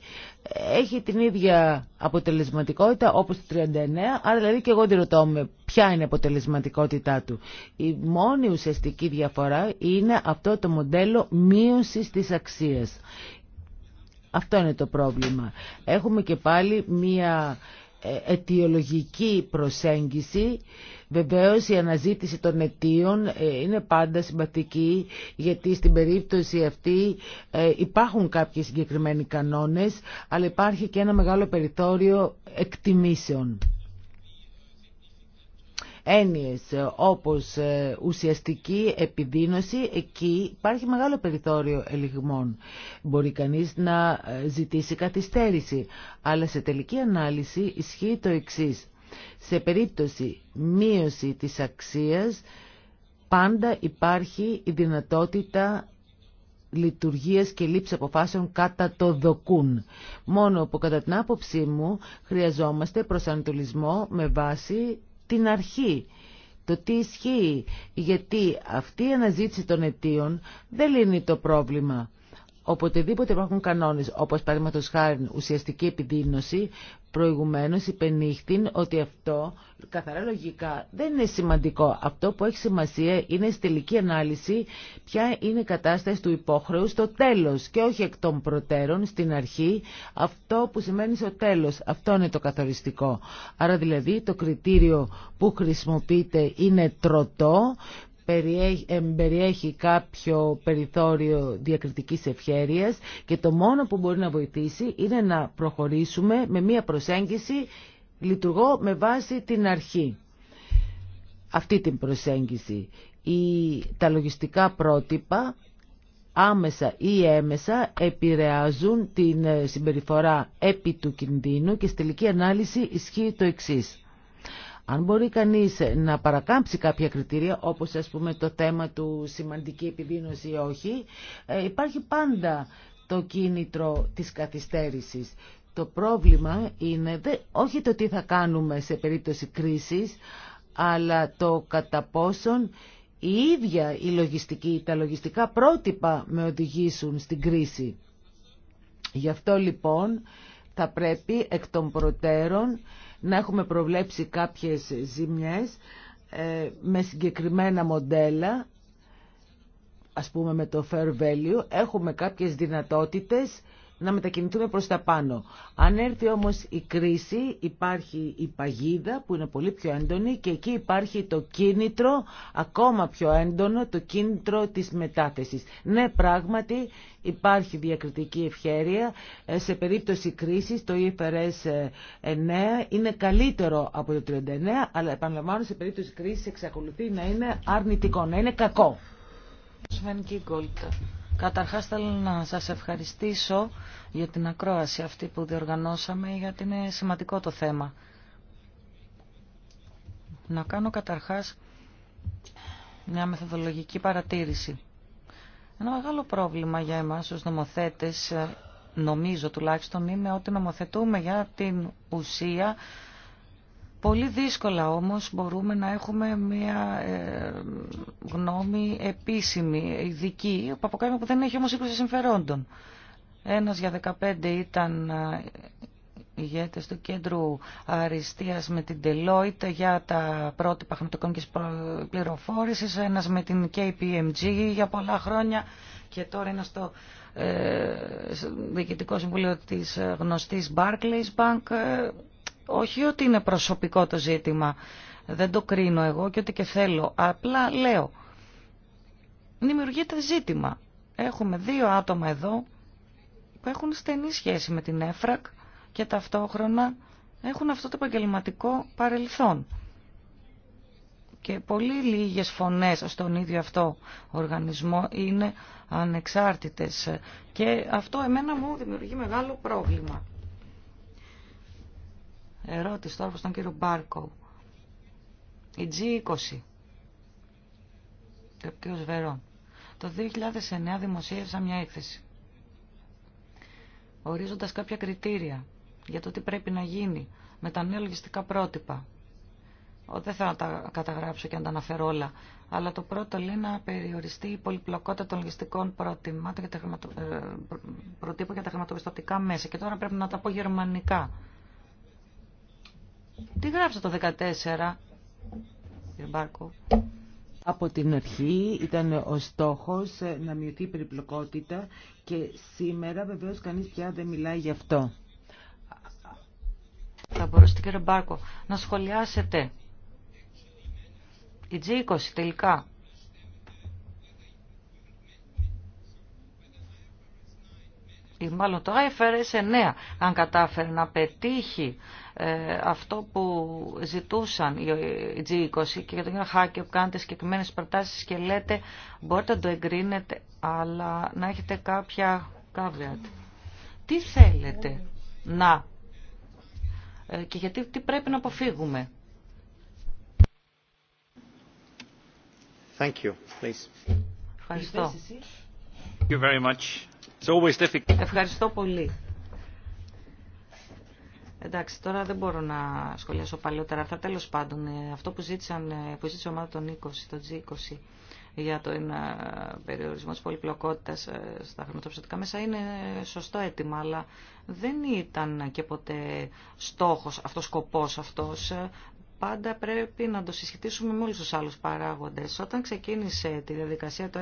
ε, έχει την ίδια αποτελεσματικότητα όπως το 39, άρα δηλαδή και εγώ δεν ρωτώ με ποια είναι η αποτελεσματικότητά του. Η μόνη ουσιαστική διαφορά είναι αυτό το μοντέλο μείωσης της αξίας. Αυτό είναι το πρόβλημα. Έχουμε και πάλι μία ε, αιτιολογική προσέγγιση. Βεβαίως η αναζήτηση των αιτίων ε, είναι πάντα συμπαθική γιατί στην περίπτωση αυτή ε, υπάρχουν κάποιοι συγκεκριμένοι κανόνες αλλά υπάρχει και ένα μεγάλο περιθώριο εκτιμήσεων έννοιες ε, όπως ε, ουσιαστική επιδείνωση εκεί υπάρχει μεγάλο περιθώριο ελιγμών. Μπορεί κανείς να ε, ζητήσει καθυστέρηση, αλλά σε τελική ανάλυση ισχύει το εξής. Σε περίπτωση μείωση της αξίας πάντα υπάρχει η δυνατότητα λειτουργίας και λήψη αποφάσεων κατά το δοκούν. Μόνο που κατά την άποψή μου χρειαζόμαστε προσανατολισμό με βάση την αρχή το τι ισχύει, γιατί αυτή η αναζήτηση των αιτίων δεν λύνει το πρόβλημα. Οποτεδήποτε υπάρχουν κανόνες, όπως παραδείγματο χάρη ουσιαστική επιδείνωση, προηγουμένω, υπενήχθην ότι αυτό καθαρά λογικά δεν είναι σημαντικό. Αυτό που έχει σημασία είναι στη τελική ανάλυση ποια είναι η κατάσταση του υπόχρεου στο τέλος και όχι εκ των προτέρων στην αρχή αυτό που σημαίνει στο τέλος. Αυτό είναι το καθοριστικό. Άρα δηλαδή το κριτήριο που χρησιμοποιείται είναι τροτό... Ε, περιέχει κάποιο περιθώριο διακριτικής ευχέρειας και το μόνο που μπορεί να βοηθήσει είναι να προχωρήσουμε με μία προσέγγιση λειτουργώ με βάση την αρχή. Αυτή την προσέγγιση. Η, τα λογιστικά πρότυπα άμεσα ή έμεσα επηρεάζουν την ε, συμπεριφορά επί του κινδύνου και στη τελική ανάλυση ισχύει το εξής. Αν μπορεί κανείς να παρακάμψει κάποια κριτήρια, όπως ας πούμε το θέμα του σημαντική επιδείνωση ή όχι, ε, υπάρχει πάντα το κίνητρο της καθυστέρησης. Το πρόβλημα είναι όχι το τι θα κάνουμε σε περίπτωση κρίσης, αλλά το κατά πόσον η ίδια η λογιστική, τα λογιστικά πρότυπα με οδηγήσουν στην κρίση. Γι' αυτό λοιπόν θα πρέπει εκ των προτέρων να έχουμε προβλέψει κάποιες ζημιές ε, με συγκεκριμένα μοντέλα, ας πούμε με το fair value, έχουμε κάποιες δυνατότητες να μετακινηθούμε προς τα πάνω. Αν έρθει όμως η κρίση υπάρχει η παγίδα που είναι πολύ πιο έντονη και εκεί υπάρχει το κίνητρο ακόμα πιο έντονο, το κίνητρο της μετάθεσης. Ναι, πράγματι υπάρχει διακριτική ευχέρεια. Ε, σε περίπτωση κρίσης το IFRS 9 ε, είναι καλύτερο από το 39, αλλά επαναλαμβάνω σε περίπτωση κρίσης εξακολουθεί να είναι αρνητικό, να είναι κακό. Καταρχάς θέλω να σας ευχαριστήσω
για την ακρόαση αυτή που διοργανώσαμε γιατί είναι σημαντικό το θέμα. Να κάνω καταρχάς μια μεθοδολογική παρατήρηση. Ένα μεγάλο πρόβλημα για εμάς ως νομοθέτες, νομίζω τουλάχιστον, είναι ότι νομοθετούμε για την ουσία Πολύ δύσκολα όμως μπορούμε να έχουμε μια ε, γνώμη επίσημη, ειδική, από κάποιον που δεν έχει όμως σύγκρουση συμφερόντων. Ένας για 15 ήταν ε, ηγέτες του Κέντρου Αριστείας με την Deloitte για τα πρότυπα χρηματοοικονομικής πληροφόρησης, ένας με την KPMG για πολλά χρόνια και τώρα είναι στο ε, Διοικητικό Συμβούλιο της ε, γνωστής Barclays Bank. Όχι ότι είναι προσωπικό το ζήτημα, δεν το κρίνω εγώ και ότι και θέλω. Απλά λέω, δημιουργείται ζήτημα. Έχουμε δύο άτομα εδώ που έχουν στενή σχέση με την ΕΦΡΑΚ και ταυτόχρονα έχουν αυτό το επαγγελματικό παρελθόν. Και πολύ λίγες φωνές στον ίδιο αυτό οργανισμό είναι ανεξάρτητες. Και αυτό εμένα μου δημιουργεί μεγάλο πρόβλημα. Ερώτηση τώρα προς τον κύριο Μπάρκο. Η G20. Ο κύριος Το 2009 δημοσίευσα μια έκθεση. Ορίζοντας κάποια κριτήρια για το τι πρέπει να γίνει με τα νέα λογιστικά πρότυπα. Δεν θέλω να τα καταγράψω και να τα αναφέρω όλα. Αλλά το πρώτο λέει να περιοριστεί η πολυπλοκότητα των λογιστικών ε, προτύπων για τα χρηματοπιστωτικά μέσα. Και τώρα πρέπει να τα πω γερμανικά. Τι γράψα το
14, κύριε Μπάρκο. Από την αρχή ήταν ο στόχος να μειωθεί η περιπλοκότητα και σήμερα βεβαίως κανείς πια δεν μιλάει γι' αυτό. Θα μπορούσατε κύριε Μπάρκο να
σχολιάσετε. Η G20 τελικά ή μάλλον το IFRS 9 αν κατάφερε να πετύχει ε, αυτό που ζητούσαν οι G20 και για τον κύριο Χάκη που κάνετε συγκεκριμένε προτάσεις και λέτε μπορείτε να το εγκρίνετε αλλά να έχετε κάποια caveat. Τι θέλετε να ε, και γιατί τι πρέπει να αποφύγουμε. Thank you, Please. Ευχαριστώ. Thank you very much. Ευχαριστώ πολύ. Εντάξει, τώρα δεν μπορώ να σχολιάσω παλιότερα αυτά. Τέλος πάντων, ε, αυτό που, ζήτησαν, ε, που ζήτησε η ομάδα των 20, το G20, για το ε, περιορισμό τη πολυπλοκότητας στα χρηματοπιστωτικά μέσα είναι σωστό αίτημα, αλλά δεν ήταν και ποτέ στόχος, αυτός σκοπός αυτός. Πάντα πρέπει να το συσχετίσουμε με όλους τους άλλους παράγοντες. Όταν ξεκίνησε τη διαδικασία το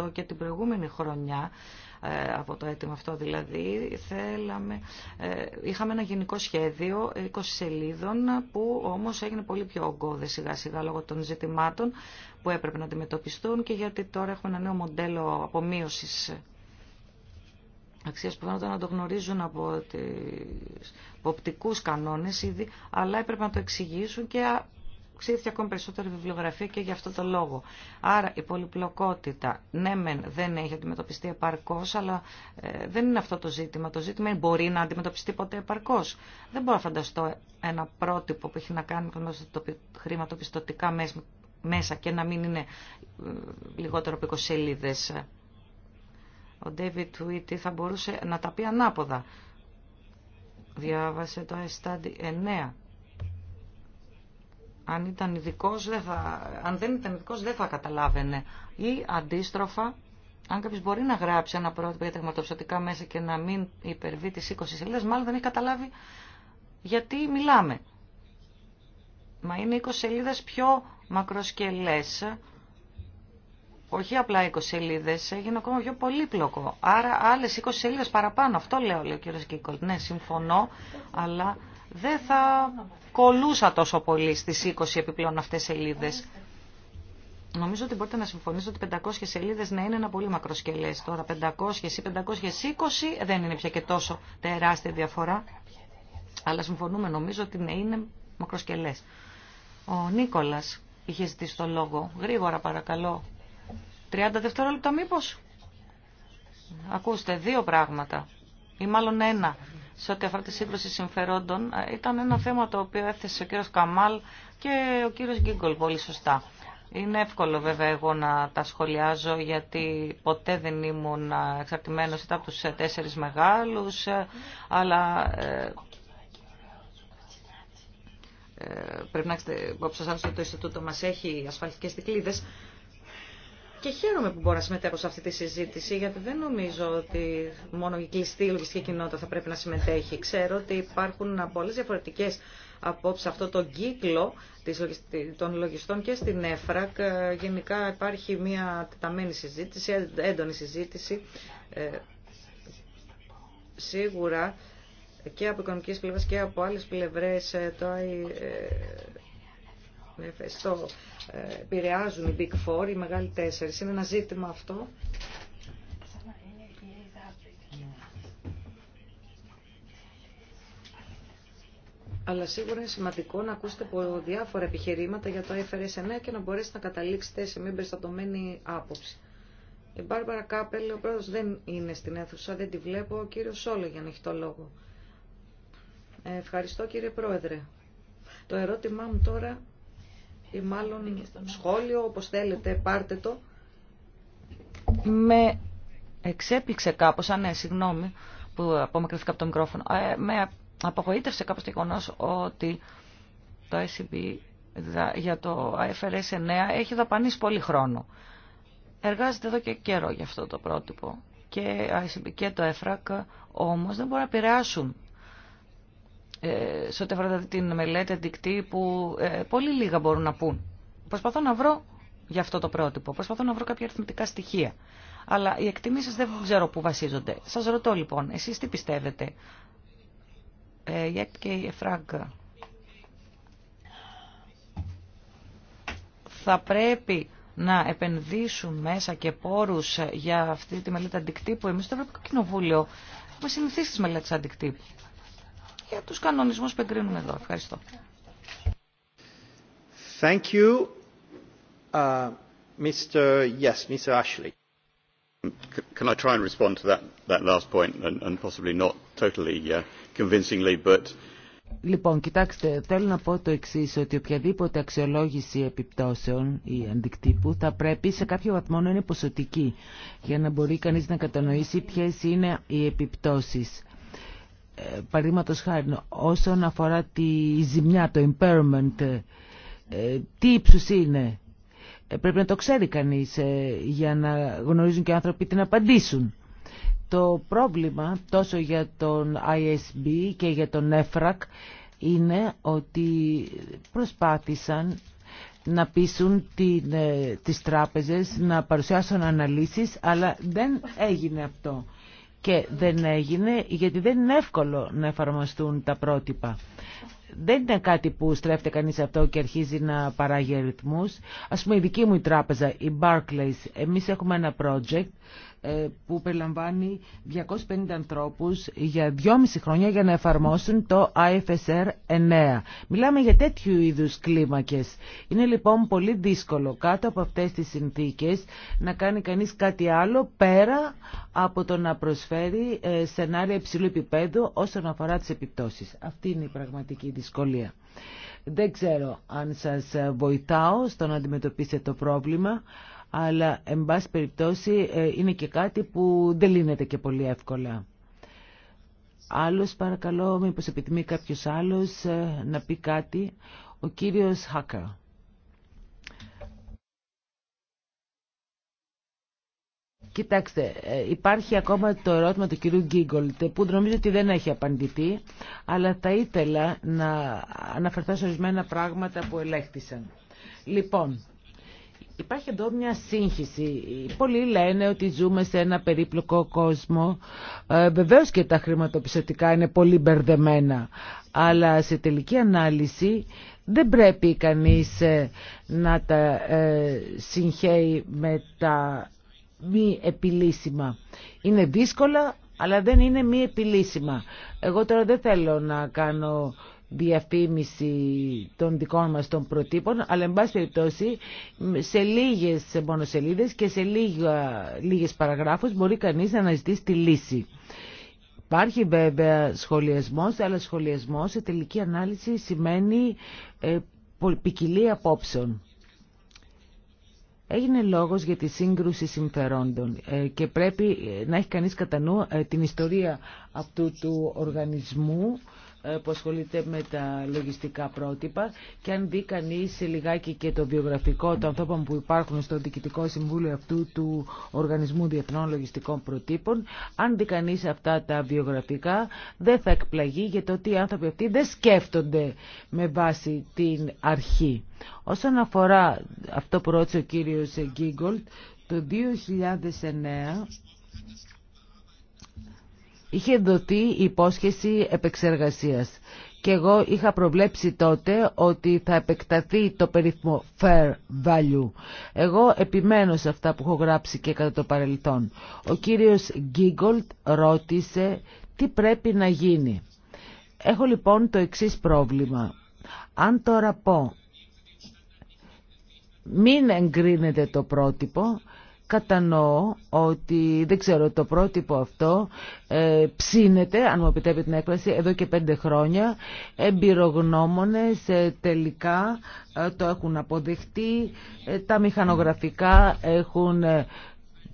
2008 και την προηγούμενη χρονιά, ε, από το αίτημα αυτό δηλαδή. Θέλαμε, ε, είχαμε ένα γενικό σχέδιο 20 σελίδων που όμως έγινε πολύ πιο ογκώδε σιγά σιγά λόγω των ζητημάτων που έπρεπε να αντιμετωπιστούν και γιατί τώρα έχουμε ένα νέο μοντέλο απομείωσης αξίας που φαίνονταν να το γνωρίζουν από τις οπτικούς κανόνες ήδη, αλλά έπρεπε να το εξηγήσουν και αυξήθηκε ακόμη περισσότερη βιβλιογραφία και για αυτό το λόγο. Άρα η πολυπλοκότητα, ναι μεν δεν έχει αντιμετωπιστεί επαρκώς, αλλά ε, δεν είναι αυτό το ζήτημα. Το ζήτημα είναι μπορεί να αντιμετωπιστεί ποτέ επαρκώς. Δεν μπορώ να φανταστώ ένα πρότυπο που έχει να κάνει με χρηματοπιστωτικά μέσα και να μην είναι ε, λιγότερο από 20 Ο David Tweety θα μπορούσε να τα πει ανάποδα. Διάβασε το iStudy 9 αν, ήταν δεν θα, αν δεν ήταν ειδικό δεν θα καταλάβαινε. Ή αντίστροφα, αν κάποιο μπορεί να γράψει ένα πρότυπο για τα χρηματοψηφιακά μέσα και να μην υπερβεί τι 20 σελίδε, μάλλον δεν έχει καταλάβει γιατί μιλάμε. Μα είναι 20 σελίδε πιο μακροσκελέ. Όχι απλά 20 σελίδε, έγινε ακόμα πιο πολύπλοκο. Άρα άλλε 20 σελίδε παραπάνω. Αυτό λέω, λέει ο κ. Κίκολτ. Ναι, συμφωνώ, αλλά δεν θα κολούσα τόσο πολύ στις 20 επιπλέον αυτές σελίδες. Νομίζω ότι μπορείτε να συμφωνήσετε ότι 500 σελίδες να είναι ένα πολύ μακροσκελές. Τώρα 500 ή 520 δεν είναι πια και τόσο τεράστια διαφορά. Αλλά συμφωνούμε νομίζω ότι να είναι μακροσκελές. Ο Νίκολας είχε ζητήσει το λόγο. Γρήγορα παρακαλώ. 30 δευτερόλεπτα μήπως. Ακούστε δύο πράγματα. Ή μάλλον ένα σε ό,τι αφορά τη σύγκρουση συμφερόντων ήταν ένα θέμα το οποίο έθεσε ο κύριο Καμάλ και ο κύριο Γκίγκολ πολύ σωστά. Είναι εύκολο βέβαια εγώ να τα σχολιάζω γιατί ποτέ δεν ήμουν εξαρτημένος είτε από τους ε, τέσσερις μεγάλους ε, αλλά ε, πρέπει να ξέρετε, υπόψη σας ότι το Ινστιτούτο μας έχει ασφαλιστικές δικλείδες και χαίρομαι που μπορώ να συμμετέχω σε αυτή τη συζήτηση, γιατί δεν νομίζω ότι μόνο η κλειστή λογιστική κοινότητα θα πρέπει να συμμετέχει. Ξέρω ότι υπάρχουν διαφορετικέ διαφορετικές σε αυτό το κύκλο των λογιστών και στην ΕΦΡΑΚ. Ε, γενικά υπάρχει μια τεταμένη συζήτηση, έντονη συζήτηση. Ε, σίγουρα και από οικονομικέ πλευρέ και από άλλες πλευρές ε, το ΕΦΕΣ. Το ε, επηρεάζουν οι Big Four, οι μεγάλοι τέσσερις. Είναι ένα ζήτημα αυτό. Αλλά σίγουρα είναι σημαντικό να ακούσετε από διάφορα επιχειρήματα για το IFRS 9 και να μπορέσετε να καταλήξετε σε μια περιστατωμένη άποψη. Η Μπάρμπαρα Κάπελ, ο πρόεδρος δεν είναι στην αίθουσα, δεν τη βλέπω. Ο κύριος Σόλο για να έχει το λόγο. Ε, ευχαριστώ κύριε Πρόεδρε. Το ερώτημά μου τώρα ή μάλλον σχόλιο, όπως θέλετε, πάρτε το. Με εξέπληξε κάπως, ανέ, ναι, συγγνώμη που απομακρυνθήκα από το μικρόφωνο, ε, με απογοήτευσε κάπως το γεγονό ότι το ICB e για το IFRS 9 έχει δαπανίσει πολύ χρόνο. Εργάζεται εδώ και καιρό για αυτό το πρότυπο. Και, το ΕΦΡΑΚ όμως δεν μπορεί να επηρεάσουν ε, σε ό,τι αφορά δηλαδή, την μελέτη αντικτύπου, ε, πολύ λίγα μπορούν να πούν. Προσπαθώ να βρω για αυτό το πρότυπο, προσπαθώ να βρω κάποια αριθμητικά στοιχεία. Αλλά οι εκτιμήσεις δεν ξέρω πού βασίζονται. Σας ρωτώ λοιπόν, εσείς τι πιστεύετε. Ε, η ΕΚΤ και η ΕΦΡΑΓ θα πρέπει να επενδύσουν μέσα και πόρους για αυτή τη μελέτη αντικτύπου. Εμείς στο Ευρωπαϊκό Κοινοβούλιο έχουμε συνηθίσει τις μελέτες αντικτύπου για τους κανονισμούς που εγκρίνουμε εδώ.
Ευχαριστώ. Thank you. Uh, Mr. Yes, Mr. Ashley. Can I try and respond to that, that last point and, and possibly
not totally uh, convincingly, but
Λοιπόν, κοιτάξτε, θέλω να πω το εξή ότι οποιαδήποτε αξιολόγηση επιπτώσεων ή αντικτύπου θα πρέπει σε κάποιο βαθμό να είναι ποσοτική για να μπορεί κανείς να κατανοήσει ποιες είναι οι επιπτώσεις. Παραδείγματο χάρη όσον αφορά τη ζημιά, το impairment, ε, τι ύψου είναι. Ε, πρέπει να το ξέρει κανείς ε, για να γνωρίζουν και οι άνθρωποι τι να απαντήσουν. Το πρόβλημα τόσο για τον ISB και για τον ΕΦΡΑΚ είναι ότι προσπάθησαν να πείσουν την, τις τράπεζες να παρουσιάσουν αναλύσεις αλλά δεν έγινε αυτό. Και δεν έγινε γιατί δεν είναι εύκολο να εφαρμοστούν τα πρότυπα. Δεν είναι κάτι που στρέφεται κανείς αυτό και αρχίζει να παράγει αριθμούς. Ας πούμε η δική μου η τράπεζα, η Barclays, εμείς έχουμε ένα project ε, που περιλαμβάνει 250 ανθρώπους για 2,5 χρόνια για να εφαρμόσουν το IFSR 9. Μιλάμε για τέτοιου είδους κλίμακες. Είναι λοιπόν πολύ δύσκολο κάτω από αυτές τις συνθήκες να κάνει κανείς κάτι άλλο πέρα από το να προσφέρει ε, σενάρια υψηλού επίπεδου όσον αφορά τις επιπτώσεις. Αυτή είναι η πραγματική δυσκολία. Δεν ξέρω αν σας βοηθάω στο να αντιμετωπίσετε το πρόβλημα, αλλά εν πάση περιπτώσει ε, είναι και κάτι που δεν λύνεται και πολύ εύκολα. Άλλος παρακαλώ, μήπως επιθυμεί κάποιος άλλος ε, να πει κάτι. Ο κύριος Χάκα. Κοιτάξτε, ε, υπάρχει ακόμα το ερώτημα του κυρίου Γκίγκολτ που νομίζω ότι δεν έχει απαντηθεί, αλλά θα ήθελα να αναφερθώ σε ορισμένα πράγματα που ελέγχθησαν. Λοιπόν, Υπάρχει εδώ μια σύγχυση. Πολλοί λένε ότι ζούμε σε ένα περίπλοκο κόσμο. Ε, Βεβαίω και τα χρηματοπιστωτικά είναι πολύ μπερδεμένα. Αλλά σε τελική ανάλυση δεν πρέπει κανείς ε, να τα ε, συγχαίει με τα μη επιλύσιμα. Είναι δύσκολα, αλλά δεν είναι μη επιλύσιμα. Εγώ τώρα δεν θέλω να κάνω διαφήμιση των δικών μας των προτύπων, αλλά εν πάση περιπτώσει σε λίγες μονοσελίδες και σε λίγα, λίγες παραγράφους μπορεί κανείς να αναζητήσει τη λύση. Υπάρχει βέβαια σχολιασμός, αλλά σχολιασμός σε τελική ανάλυση σημαίνει ε, ποικιλία απόψεων. Έγινε λόγος για τη σύγκρουση συμφερόντων ε, και πρέπει ε, να έχει κανείς κατά νου την ιστορία αυτού του οργανισμού ε, που ασχολείται με τα λογιστικά πρότυπα και αν δει κανεί λιγάκι και το βιογραφικό των ανθρώπων που υπάρχουν στο Διοικητικό Συμβούλιο αυτού του Οργανισμού Διεθνών Λογιστικών Προτύπων, αν δει κανεί αυτά τα βιογραφικά δεν θα εκπλαγεί για το ότι οι άνθρωποι αυτοί δεν σκέφτονται με βάση την αρχή. Όσον αφορά αυτό που ρώτησε ο κύριο Γκίγκολτ, το 2009 είχε δοθεί η υπόσχεση επεξεργασίας και εγώ είχα προβλέψει τότε ότι θα επεκταθεί το περίφημο fair value. Εγώ επιμένω σε αυτά που έχω γράψει και κατά το παρελθόν. Ο κύριος Γκίγκολτ ρώτησε τι πρέπει να γίνει. Έχω λοιπόν το εξής πρόβλημα. Αν τώρα πω μην εγκρίνετε το πρότυπο, κατανοώ ότι δεν ξέρω το πρότυπο αυτό ε, ψήνεται, αν μου επιτρέπετε την έκφραση, εδώ και πέντε χρόνια. Εμπειρογνώμονες ε, τελικά ε, το έχουν αποδεχτεί, ε, τα μηχανογραφικά έχουν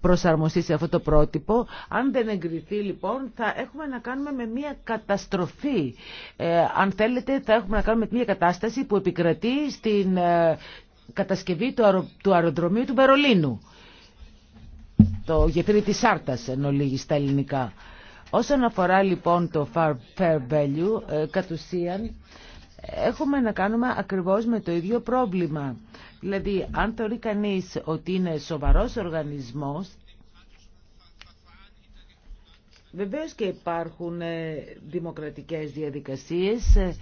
προσαρμοστεί σε αυτό το πρότυπο. Αν δεν εγκριθεί λοιπόν θα έχουμε να κάνουμε με μια καταστροφή. αν θέλετε θα έχουμε να κάνουμε με μια κατάσταση που επικρατεί στην κατασκευή του αεροδρομίου του Βερολίνου το γεφύρι της Άρτας εν ολίγη στα ελληνικά. Όσον αφορά λοιπόν το fair value, ε, κατ' ουσίαν έχουμε να κάνουμε ακριβώς με το ίδιο πρόβλημα. Δηλαδή, αν θεωρεί κανείς ότι είναι σοβαρός οργανισμός, βεβαίως και υπάρχουν ε, δημοκρατικές διαδικασίες, ε,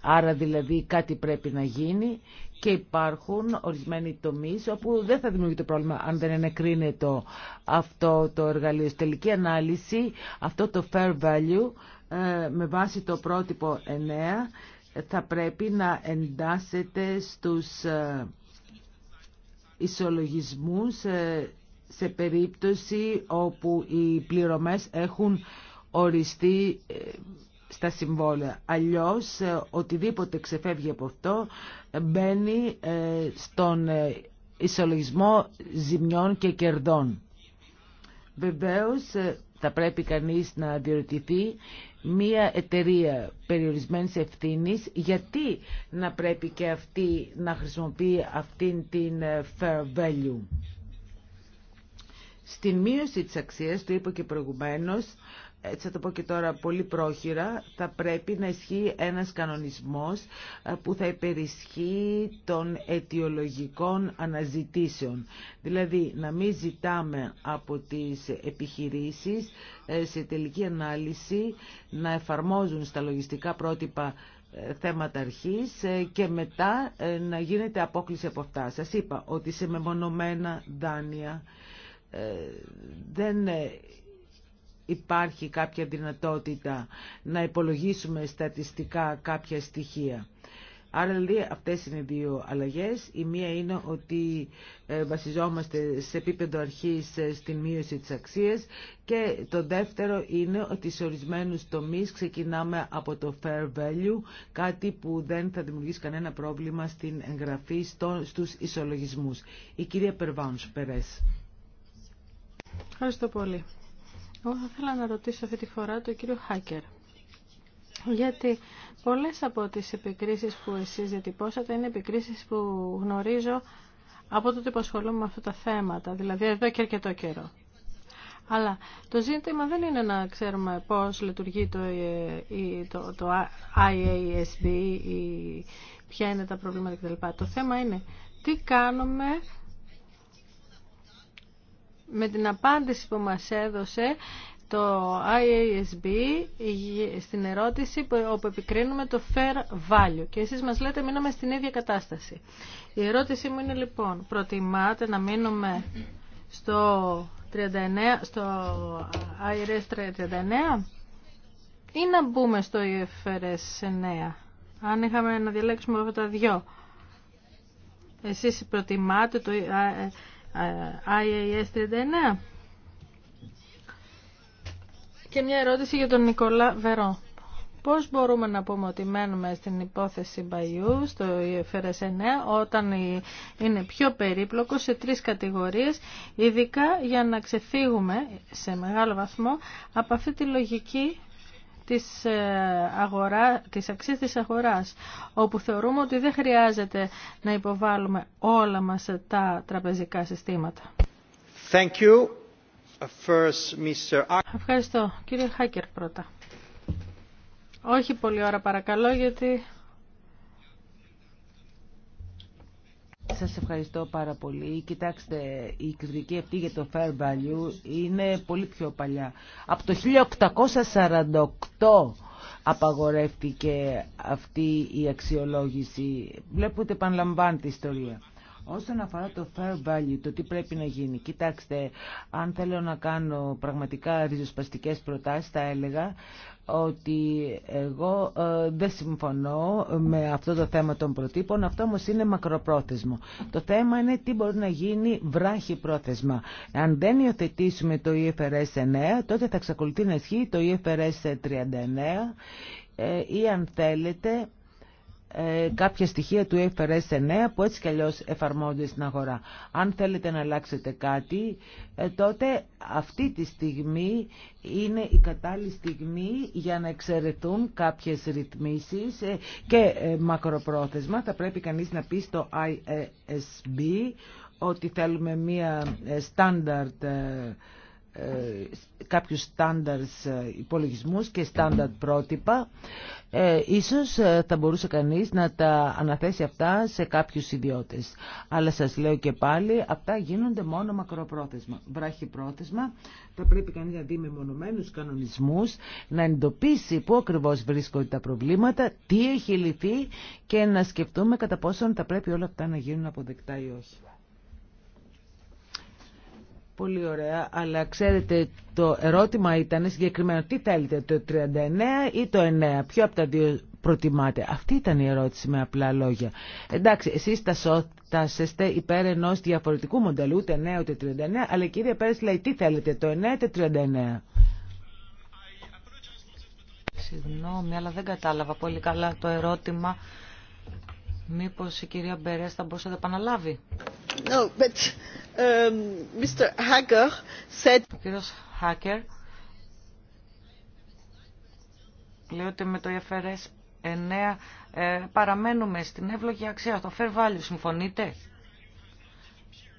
άρα δηλαδή κάτι πρέπει να γίνει και υπάρχουν ορισμένοι τομείς όπου δεν θα δημιουργείται πρόβλημα αν δεν ενεκρίνεται αυτό το εργαλείο. Στη τελική ανάλυση, αυτό το fair value ε, με βάση το πρότυπο 9 θα πρέπει να εντάσσεται στους ε, ισολογισμούς ε, σε περίπτωση όπου οι πληρωμές έχουν οριστεί στα συμβόλαια. Αλλιώς ε, οτιδήποτε ξεφεύγει από αυτό ε, μπαίνει ε, στον ισολογισμό ζημιών και κερδών. Βεβαίως θα πρέπει κανείς να διερωτηθεί μία εταιρεία περιορισμένης ευθύνης γιατί να πρέπει και αυτή να χρησιμοποιεί αυτήν την fair value. Στην μείωση της αξίας, το είπα και προηγουμένως, έτσι θα το πω και τώρα πολύ πρόχειρα, θα πρέπει να ισχύει ένας κανονισμός ε, που θα υπερισχύει των αιτιολογικών αναζητήσεων. Δηλαδή να μην ζητάμε από τις επιχειρήσεις ε, σε τελική ανάλυση να εφαρμόζουν στα λογιστικά πρότυπα ε, θέματα αρχής και μετά να γίνεται απόκληση από αυτά. Σας είπα ότι σε μεμονωμένα δάνεια δεν υπάρχει κάποια δυνατότητα να υπολογίσουμε στατιστικά κάποια στοιχεία. Άρα δηλαδή αυτές είναι δύο αλλαγές. Η μία είναι ότι ε, βασιζόμαστε σε επίπεδο αρχής ε, στην μείωση της αξίας και το δεύτερο είναι ότι σε ορισμένους τομείς ξεκινάμε από το fair value, κάτι που δεν θα δημιουργήσει κανένα πρόβλημα στην εγγραφή στο, στους ισολογισμούς. Η κυρία Περβάνς Περές.
Ευχαριστώ πολύ. Εγώ λοιπόν, θα ήθελα να ρωτήσω αυτή τη φορά τον κύριο Χάκερ. Γιατί πολλές από τις επικρίσεις που εσείς διατυπώσατε είναι επικρίσεις που γνωρίζω από το που ασχολούμαι με αυτά τα θέματα, δηλαδή εδώ και αρκετό καιρό. Αλλά το ζήτημα δεν είναι να ξέρουμε πώς λειτουργεί το, ε, το, το IASB, ποια είναι τα προβλήματα κτλ. Το θέμα είναι τι κάνουμε με την απάντηση που μας έδωσε το IASB στην ερώτηση όπου επικρίνουμε το fair value και εσείς μας λέτε μείναμε στην ίδια κατάσταση. Η ερώτησή μου είναι λοιπόν, προτιμάτε να μείνουμε στο, 39, στο IRS 39 ή να μπούμε στο IFRS 9, αν είχαμε να διαλέξουμε αυτά τα δυο. Εσείς προτιμάτε το ε, IAS 39. Και μια ερώτηση για τον Νικολά Βερό. Πώς μπορούμε να πούμε ότι μένουμε στην υπόθεση Μπαϊού, στο ΙΕΦΡΕΣ 9, όταν είναι πιο περίπλοκο σε τρεις κατηγορίες, ειδικά για να ξεφύγουμε σε μεγάλο βαθμό από αυτή τη λογική της, ε, αγορά, της αξίας της αγοράς, όπου θεωρούμε ότι δεν χρειάζεται να υποβάλουμε όλα μας τα τραπεζικά συστήματα. Ευχαριστώ. Κύριε Χάκερ πρώτα. Όχι πολύ ώρα παρακαλώ γιατί
Σας ευχαριστώ πάρα πολύ. Κοιτάξτε, η κριτική αυτή για το fair value είναι πολύ πιο παλιά. Από το 1848 απαγορεύτηκε αυτή η αξιολόγηση. Βλέπετε επαναλαμβάνεται η ιστορία. Όσον αφορά το fair value, το τι πρέπει να γίνει. Κοιτάξτε, αν θέλω να κάνω πραγματικά ριζοσπαστικές προτάσεις, τα έλεγα ότι εγώ ε, δεν συμφωνώ με αυτό το θέμα των προτύπων, αυτό όμως είναι μακροπρόθεσμο. Το θέμα είναι τι μπορεί να γίνει βράχη πρόθεσμα. Αν δεν υιοθετήσουμε το IFRS 9, τότε θα εξακολουθεί να ισχύει το IFRS 39 ε, ή αν θέλετε ε, κάποια στοιχεία του FRS 9 που έτσι κι αλλιώς εφαρμόζονται στην αγορά. Αν θέλετε να αλλάξετε κάτι, ε, τότε αυτή τη στιγμή είναι η κατάλληλη στιγμή για να εξαιρεθούν κάποιες ρυθμίσεις ε, και μακροπρόθεσμα. Θα πρέπει κανείς να πει στο ISB ότι θέλουμε μία στάνταρτ ε, κάποιους στάνταρς ε, υπολογισμούς και στάνταρ πρότυπα ε, ίσως ε, θα μπορούσε κανείς να τα αναθέσει αυτά σε κάποιους ιδιώτες. Αλλά σας λέω και πάλι, αυτά γίνονται μόνο μακροπρόθεσμα. Βράχει πρόθεσμα, θα πρέπει κανείς να δει με μονομένους κανονισμούς, να εντοπίσει πού ακριβώς βρίσκονται τα προβλήματα, τι έχει λυθεί και να σκεφτούμε κατά πόσον θα πρέπει όλα αυτά να γίνουν αποδεκτά ή όχι. Πολύ ωραία, αλλά ξέρετε το ερώτημα ήταν συγκεκριμένο τι θέλετε, το 39 ή το 9, ποιο από τα δύο προτιμάτε. Αυτή ήταν η ερώτηση με απλά λόγια. Εντάξει, εσείς τα σώτασεστε υπέρ ενό διαφορετικού μοντελού, ούτε 9 ούτε 39, αλλά κυρία Πέρας λέει τι θέλετε, το 9 ή το 39.
Συγγνώμη, αλλά δεν κατάλαβα πολύ καλά το ερώτημα. Μήπως η κυρία Μπερές θα μπορούσε να τα επαναλάβει. No, but, Mr. Um, Hacker said... Ο κύριος Χάκερ λέει ότι με το IFRS 9 ε, παραμένουμε στην εύλογη αξία. Το fair value συμφωνείτε.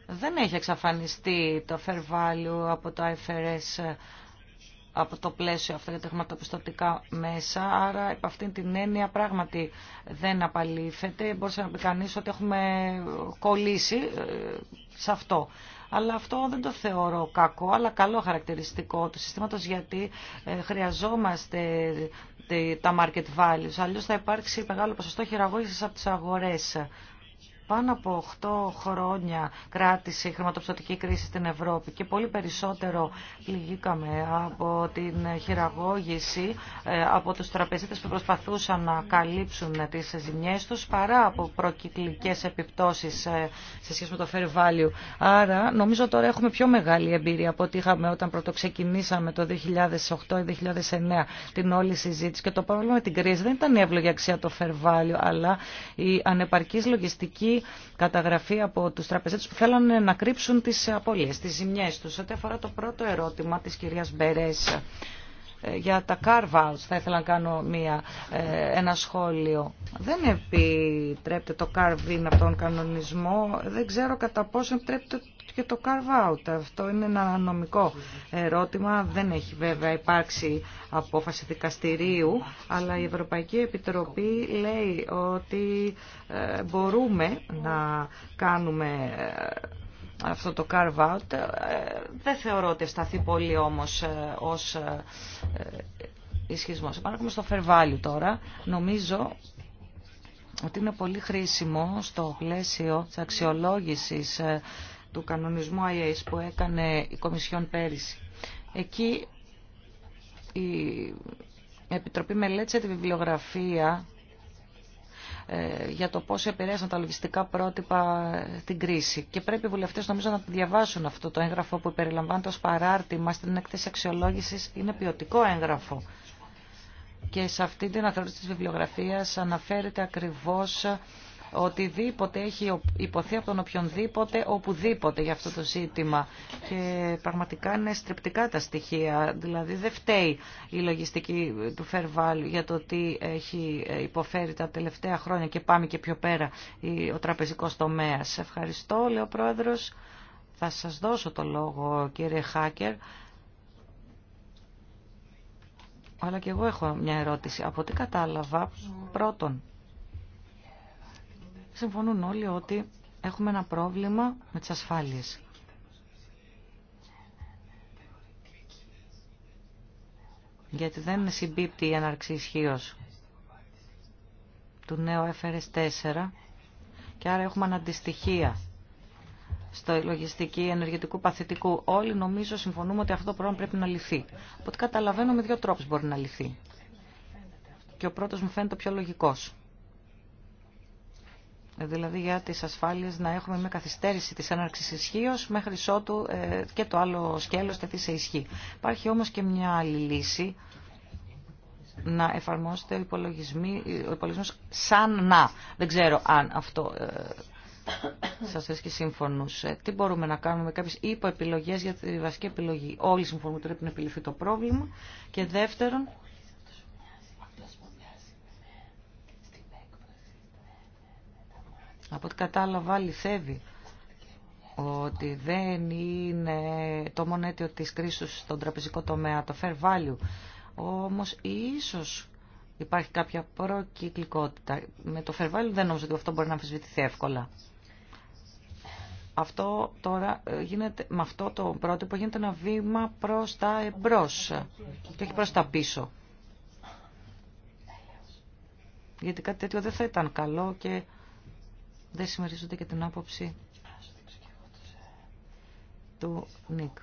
Δεν έχει εξαφανιστεί το fair value από το IFRS από το πλαίσιο αυτά για τα χρηματοπιστωτικά μέσα. Άρα, επ' αυτήν την έννοια πράγματι δεν απαλήφεται. Μπορούσε να πει κανεί ότι έχουμε κολλήσει ε, σε αυτό. Αλλά αυτό δεν το θεωρώ κακό, αλλά καλό χαρακτηριστικό του συστήματος γιατί ε, χρειαζόμαστε ε, τα market values. Αλλιώς θα υπάρξει μεγάλο ποσοστό χειραγώγησης από τις αγορές. Πάνω από 8 χρόνια κράτησε η χρηματοπιστωτική κρίση στην Ευρώπη και πολύ περισσότερο πληγήκαμε από την χειραγώγηση ε, από τους τραπεζίτες που προσπαθούσαν να καλύψουν τις ζημιές τους παρά από προκυκλικές επιπτώσεις ε, σε σχέση με το fair value. Άρα νομίζω τώρα έχουμε πιο μεγάλη εμπειρία από ό,τι είχαμε όταν πρωτοξεκινήσαμε το 2008 ή 2009 την όλη συζήτηση και το πρόβλημα με την κρίση δεν ήταν η ευλογιαξία αξία το fair value αλλά η ανεπαρκής λογιστική καταγραφή από τους τραπεζίτες που θέλανε να κρύψουν τις απώλειε, τι ζημιές τους. Ό,τι αφορά το πρώτο ερώτημα της κυρίας Μπερέσα. Ε, για τα carve-outs θα ήθελα να κάνω ε, ένα σχόλιο. Δεν επιτρέπεται το carve-in από τον κανονισμό. Δεν ξέρω κατά πόσο επιτρέπεται και το carve-out. Αυτό είναι ένα νομικό ερώτημα. Δεν έχει βέβαια υπάρξει απόφαση δικαστηρίου, αλλά η Ευρωπαϊκή Επιτροπή λέει ότι ε, μπορούμε να κάνουμε αυτό το carve out. Ε, δεν θεωρώ ότι ευσταθεί πολύ όμως ε, ως ε, ισχυσμός. Επάνω στο fair value τώρα. Νομίζω ότι είναι πολύ χρήσιμο στο πλαίσιο της αξιολόγησης του κανονισμού IAS που έκανε η Κομισιόν πέρυσι. Εκεί η Επιτροπή μελέτησε τη βιβλιογραφία ε, για το πώς επηρέασαν τα λογιστικά πρότυπα ε, την κρίση. Και πρέπει οι βουλευτές νομίζω να διαβάσουν αυτό το έγγραφο που περιλαμβάνεται ως παράρτημα στην έκθεση αξιολόγησης. Είναι ποιοτικό έγγραφο. Και σε αυτή την αθρότητα της βιβλιογραφίας αναφέρεται ακριβώς οτιδήποτε έχει υποθεί από τον οποιονδήποτε, οπουδήποτε για αυτό το ζήτημα. Και πραγματικά είναι στριπτικά τα στοιχεία. Δηλαδή δεν φταίει η λογιστική του Fair για το τι έχει υποφέρει τα τελευταία χρόνια και πάμε και πιο πέρα ο τραπεζικός τομέας. Ευχαριστώ, λέει ο Πρόεδρος. Θα σας δώσω το λόγο, κύριε Χάκερ. Αλλά και εγώ έχω μια ερώτηση. Από τι κατάλαβα, πρώτον, συμφωνούν όλοι ότι έχουμε ένα πρόβλημα με τις ασφάλειες. Γιατί δεν συμπίπτει η έναρξη ισχύω του νέου FRS 4 και άρα έχουμε αναντιστοιχεία στο λογιστική ενεργετικού παθητικού. Όλοι νομίζω συμφωνούμε ότι αυτό το πρόβλημα πρέπει να λυθεί. Οπότε καταλαβαίνω με δύο τρόπους μπορεί να λυθεί. Και ο πρώτος μου φαίνεται πιο λογικός δηλαδή για τις ασφάλειες να έχουμε μια καθυστέρηση της έναρξης ισχύω μέχρι ότου ε, και το άλλο σκέλος τεθεί σε ισχύ. Υπάρχει όμως και μια άλλη λύση να εφαρμόσετε ο, ο σαν να. Δεν ξέρω αν αυτό ε, σας βρίσκει συμφωνούσε. τι μπορούμε να κάνουμε με κάποιες υποεπιλογές για τη βασική επιλογή. Όλοι συμφωνούν ότι πρέπει να επιληφθεί το πρόβλημα. Και δεύτερον, Από ό,τι κατάλαβα αληθεύει ότι δεν είναι το μονέτιο της κρίσης στον τραπεζικό τομέα, το fair value. Όμως ίσως υπάρχει κάποια προκυκλικότητα. Με το fair value δεν νομίζω ότι αυτό μπορεί να αμφισβητηθεί εύκολα. Αυτό τώρα ε, γίνεται, με αυτό το πρότυπο γίνεται ένα βήμα προς τα εμπρός και όχι προς τα πίσω. Γιατί κάτι τέτοιο δεν θα ήταν καλό και δεν συμμερίζονται και την άποψη του Νίκ.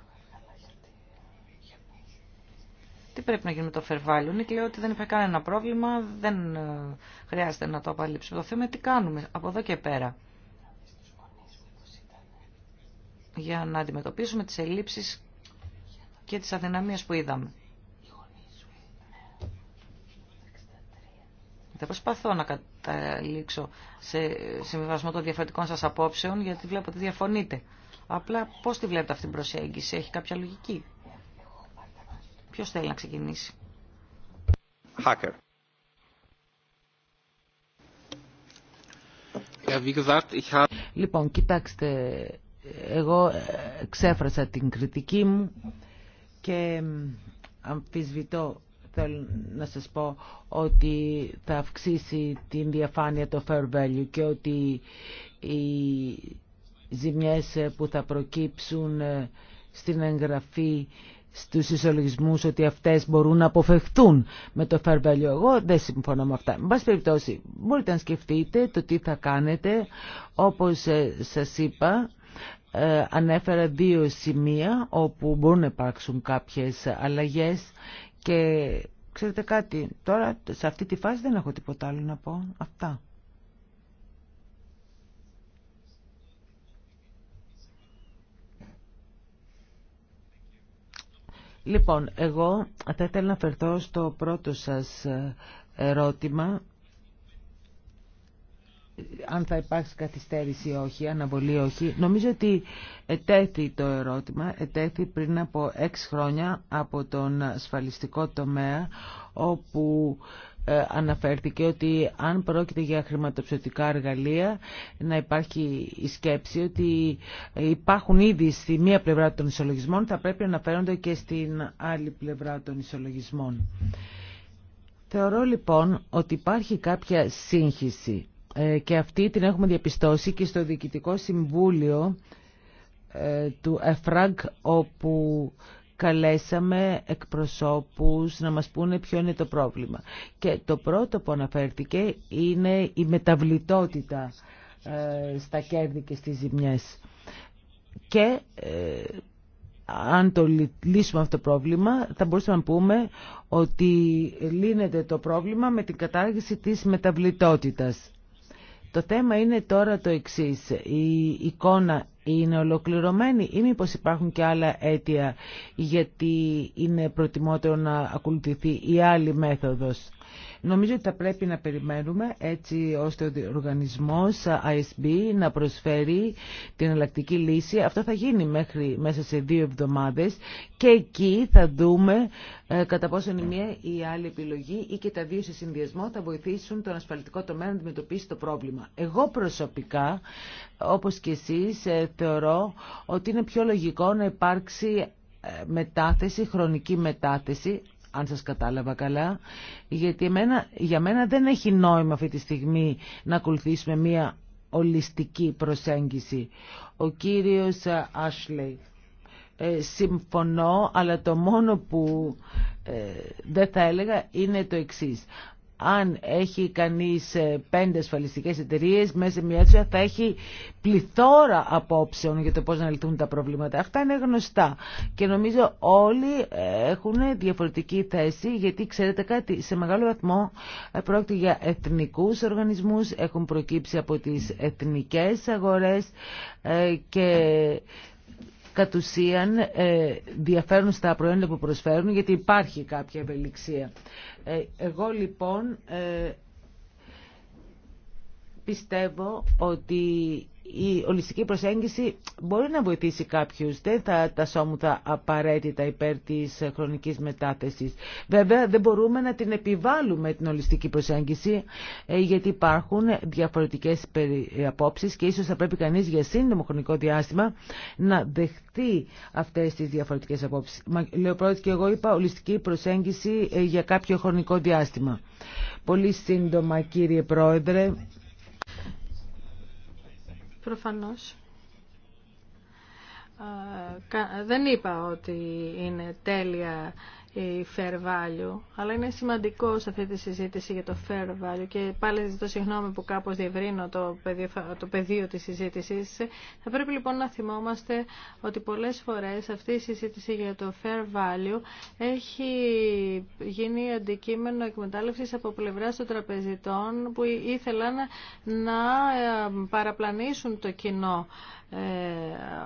Τι πρέπει να γίνει με το φερβάλιο, Νίκ λέει ότι δεν υπάρχει κανένα πρόβλημα, δεν ε, χρειάζεται να το απαλείψουμε. Το θέμα είναι τι κάνουμε από εδώ και πέρα για να αντιμετωπίσουμε τις ελλείψεις και τις αδυναμίες που είδαμε. Δεν προσπαθώ να λήξω σε συμβιβασμό των διαφορετικών σας απόψεων, γιατί βλέπω ότι διαφωνείτε. Απλά πώς τη βλέπετε αυτή την προσέγγιση, έχει κάποια λογική. Ποιος θέλει να ξεκινήσει.
Hacker.
Λοιπόν, κοιτάξτε, εγώ ε, ξέφρασα την κριτική μου και αμφισβητώ θέλω να σας πω ότι θα αυξήσει την διαφάνεια το fair value και ότι οι ζημιές που θα προκύψουν ε, στην εγγραφή στους ισολογισμούς ότι αυτές μπορούν να αποφευχθούν με το fair value. Εγώ δεν συμφωνώ με αυτά. Με πάση περιπτώσει, μπορείτε να σκεφτείτε το τι θα κάνετε. Όπως ε, σας είπα, ε, ανέφερα δύο σημεία όπου μπορούν να υπάρξουν κάποιες αλλαγές και ξέρετε κάτι, τώρα σε αυτή τη φάση δεν έχω τίποτα άλλο να πω. Αυτά. Λοιπόν, εγώ θα ήθελα να φερθώ στο πρώτο σας ε, ερώτημα αν θα υπάρξει καθυστέρηση ή όχι, αναβολή ή όχι. Νομίζω ότι ετέθη το ερώτημα, ετέθη πριν από έξι χρόνια από τον ασφαλιστικό τομέα, όπου ε, αναφέρθηκε ότι αν πρόκειται για χρηματοψηφιακά εργαλεία να υπάρχει η σκέψη ότι υπάρχουν ήδη στη μία πλευρά των ισολογισμών θα πρέπει να αναφέρονται και στην άλλη πλευρά των ισολογισμών. Θεωρώ λοιπόν ότι υπάρχει κάποια σύγχυση ε, και αυτή την έχουμε διαπιστώσει και στο Διοικητικό Συμβούλιο ε, του ΕΦΡΑΓ όπου καλέσαμε εκπροσώπους να μας πούνε ποιο είναι το πρόβλημα. Και το πρώτο που αναφέρθηκε είναι η μεταβλητότητα ε, στα κέρδη και στις ζημιές. Και αν το λύσουμε αυτό το πρόβλημα θα μπορούσαμε να πούμε ότι λύνεται το πρόβλημα με την κατάργηση της μεταβλητότητας. Το θέμα είναι τώρα το εξής. Η εικόνα είναι ολοκληρωμένη ή μήπως υπάρχουν και άλλα αίτια γιατί είναι προτιμότερο να ακολουθηθεί η άλλη μέθοδος. Νομίζω ότι θα πρέπει να περιμένουμε έτσι ώστε ο οργανισμός ISB να προσφέρει την εναλλακτική λύση. Αυτό θα γίνει μέχρι μέσα σε δύο εβδομάδες και εκεί θα δούμε ε, κατά πόσο η μία ή η άλλη επιλογή ή και τα δύο σε συνδυασμό θα βοηθήσουν τον ασφαλιστικό τομέα να αντιμετωπίσει το πρόβλημα. Εγώ προσωπικά, όπως και εσείς, ε, θεωρώ ότι είναι πιο λογικό να υπάρξει ε, μετάθεση, χρονική μετάθεση αν σας κατάλαβα καλά, γιατί εμένα, για μένα δεν έχει νόημα αυτή τη στιγμή να ακολουθήσουμε μία ολιστική προσέγγιση. Ο κύριος Άσλεϊ. Ε, συμφωνώ, αλλά το μόνο που ε, δεν θα έλεγα είναι το εξής αν έχει κανείς ε, πέντε ασφαλιστικές εταιρείες μέσα σε μια αίθουσα θα έχει πληθώρα απόψεων για το πώς να λυθούν τα προβλήματα. Αυτά είναι γνωστά και νομίζω όλοι ε, έχουν διαφορετική θέση γιατί ξέρετε κάτι, σε μεγάλο βαθμό ε, πρόκειται για εθνικούς οργανισμούς, έχουν προκύψει από τις εθνικές αγορές και κατ' ουσίαν ε, διαφέρουν στα προϊόντα που προσφέρουν γιατί υπάρχει κάποια ευελιξία. Ε, εγώ λοιπόν ε, πιστεύω ότι η ολιστική προσέγγιση μπορεί να βοηθήσει κάποιους. Δεν θα τα σώμουτα απαραίτητα υπέρ της χρονικής μετάθεσης. Βέβαια δεν μπορούμε να την επιβάλλουμε την ολιστική προσέγγιση ε, γιατί υπάρχουν διαφορετικές απόψεις και ίσως θα πρέπει κανείς για σύντομο χρονικό διάστημα να δεχτεί αυτές τις διαφορετικές απόψεις. Λέω πρώτα και εγώ είπα ολιστική προσέγγιση ε, για κάποιο χρονικό διάστημα. Πολύ σύντομα κύριε Πρόεδρε.
Προφανώς. Δεν είπα ότι είναι τέλεια η fair value, αλλά είναι σημαντικό σε αυτή τη συζήτηση για το fair value και πάλι ζητώ συγγνώμη που κάπως διευρύνω το πεδίο, το πεδίο της συζήτησης. Θα πρέπει λοιπόν να θυμόμαστε ότι πολλές φορές αυτή η συζήτηση για το fair value έχει γίνει αντικείμενο εκμετάλλευσης από πλευρά των τραπεζιτών που ήθελαν να ε, παραπλανήσουν το κοινό ε,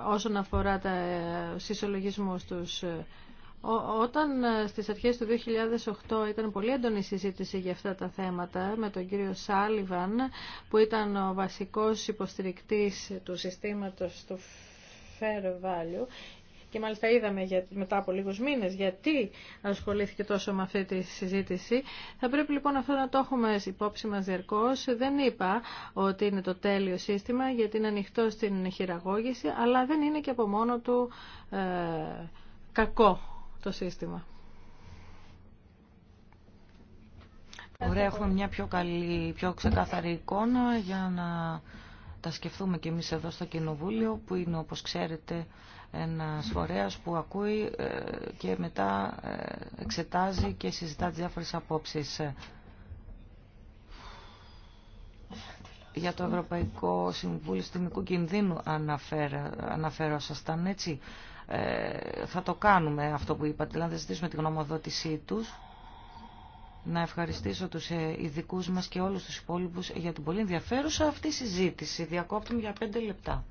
όσον αφορά τα ε, συσολογισμούς τους. Όταν ε, στις αρχές του 2008 ήταν πολύ έντονη συζήτηση για αυτά τα θέματα με τον κύριο Σάλιβαν που ήταν ο βασικός υποστηρικτής του συστήματος του Fair Value και μάλιστα είδαμε μετά από λίγους μήνες γιατί ασχολήθηκε τόσο με αυτή τη συζήτηση. Θα πρέπει λοιπόν αυτό να το έχουμε υπόψη μας διαρκώς. Δεν είπα ότι είναι το τέλειο σύστημα γιατί είναι ανοιχτό στην χειραγώγηση αλλά δεν είναι και από μόνο του ε, κακό το σύστημα.
Ωραία, έχουμε μια πιο καλή, πιο ξεκάθαρη εικόνα για να τα σκεφτούμε και εμείς εδώ στο Κοινοβούλιο που είναι όπως ξέρετε ένας φορέας που ακούει ε, και μετά ε, εξετάζει και συζητά τις διάφορες απόψεις. Για το Ευρωπαϊκό Συμβούλιο Συστημικού Κινδύνου αναφέρω, ήταν έτσι. Ε, θα το κάνουμε αυτό που είπατε, δηλαδή θα ζητήσουμε τη γνωμοδότησή τους. Να ευχαριστήσω τους ε, ειδικού μας και όλους τους υπόλοιπους για την πολύ ενδιαφέρουσα αυτή συζήτηση. Διακόπτουμε για πέντε λεπτά.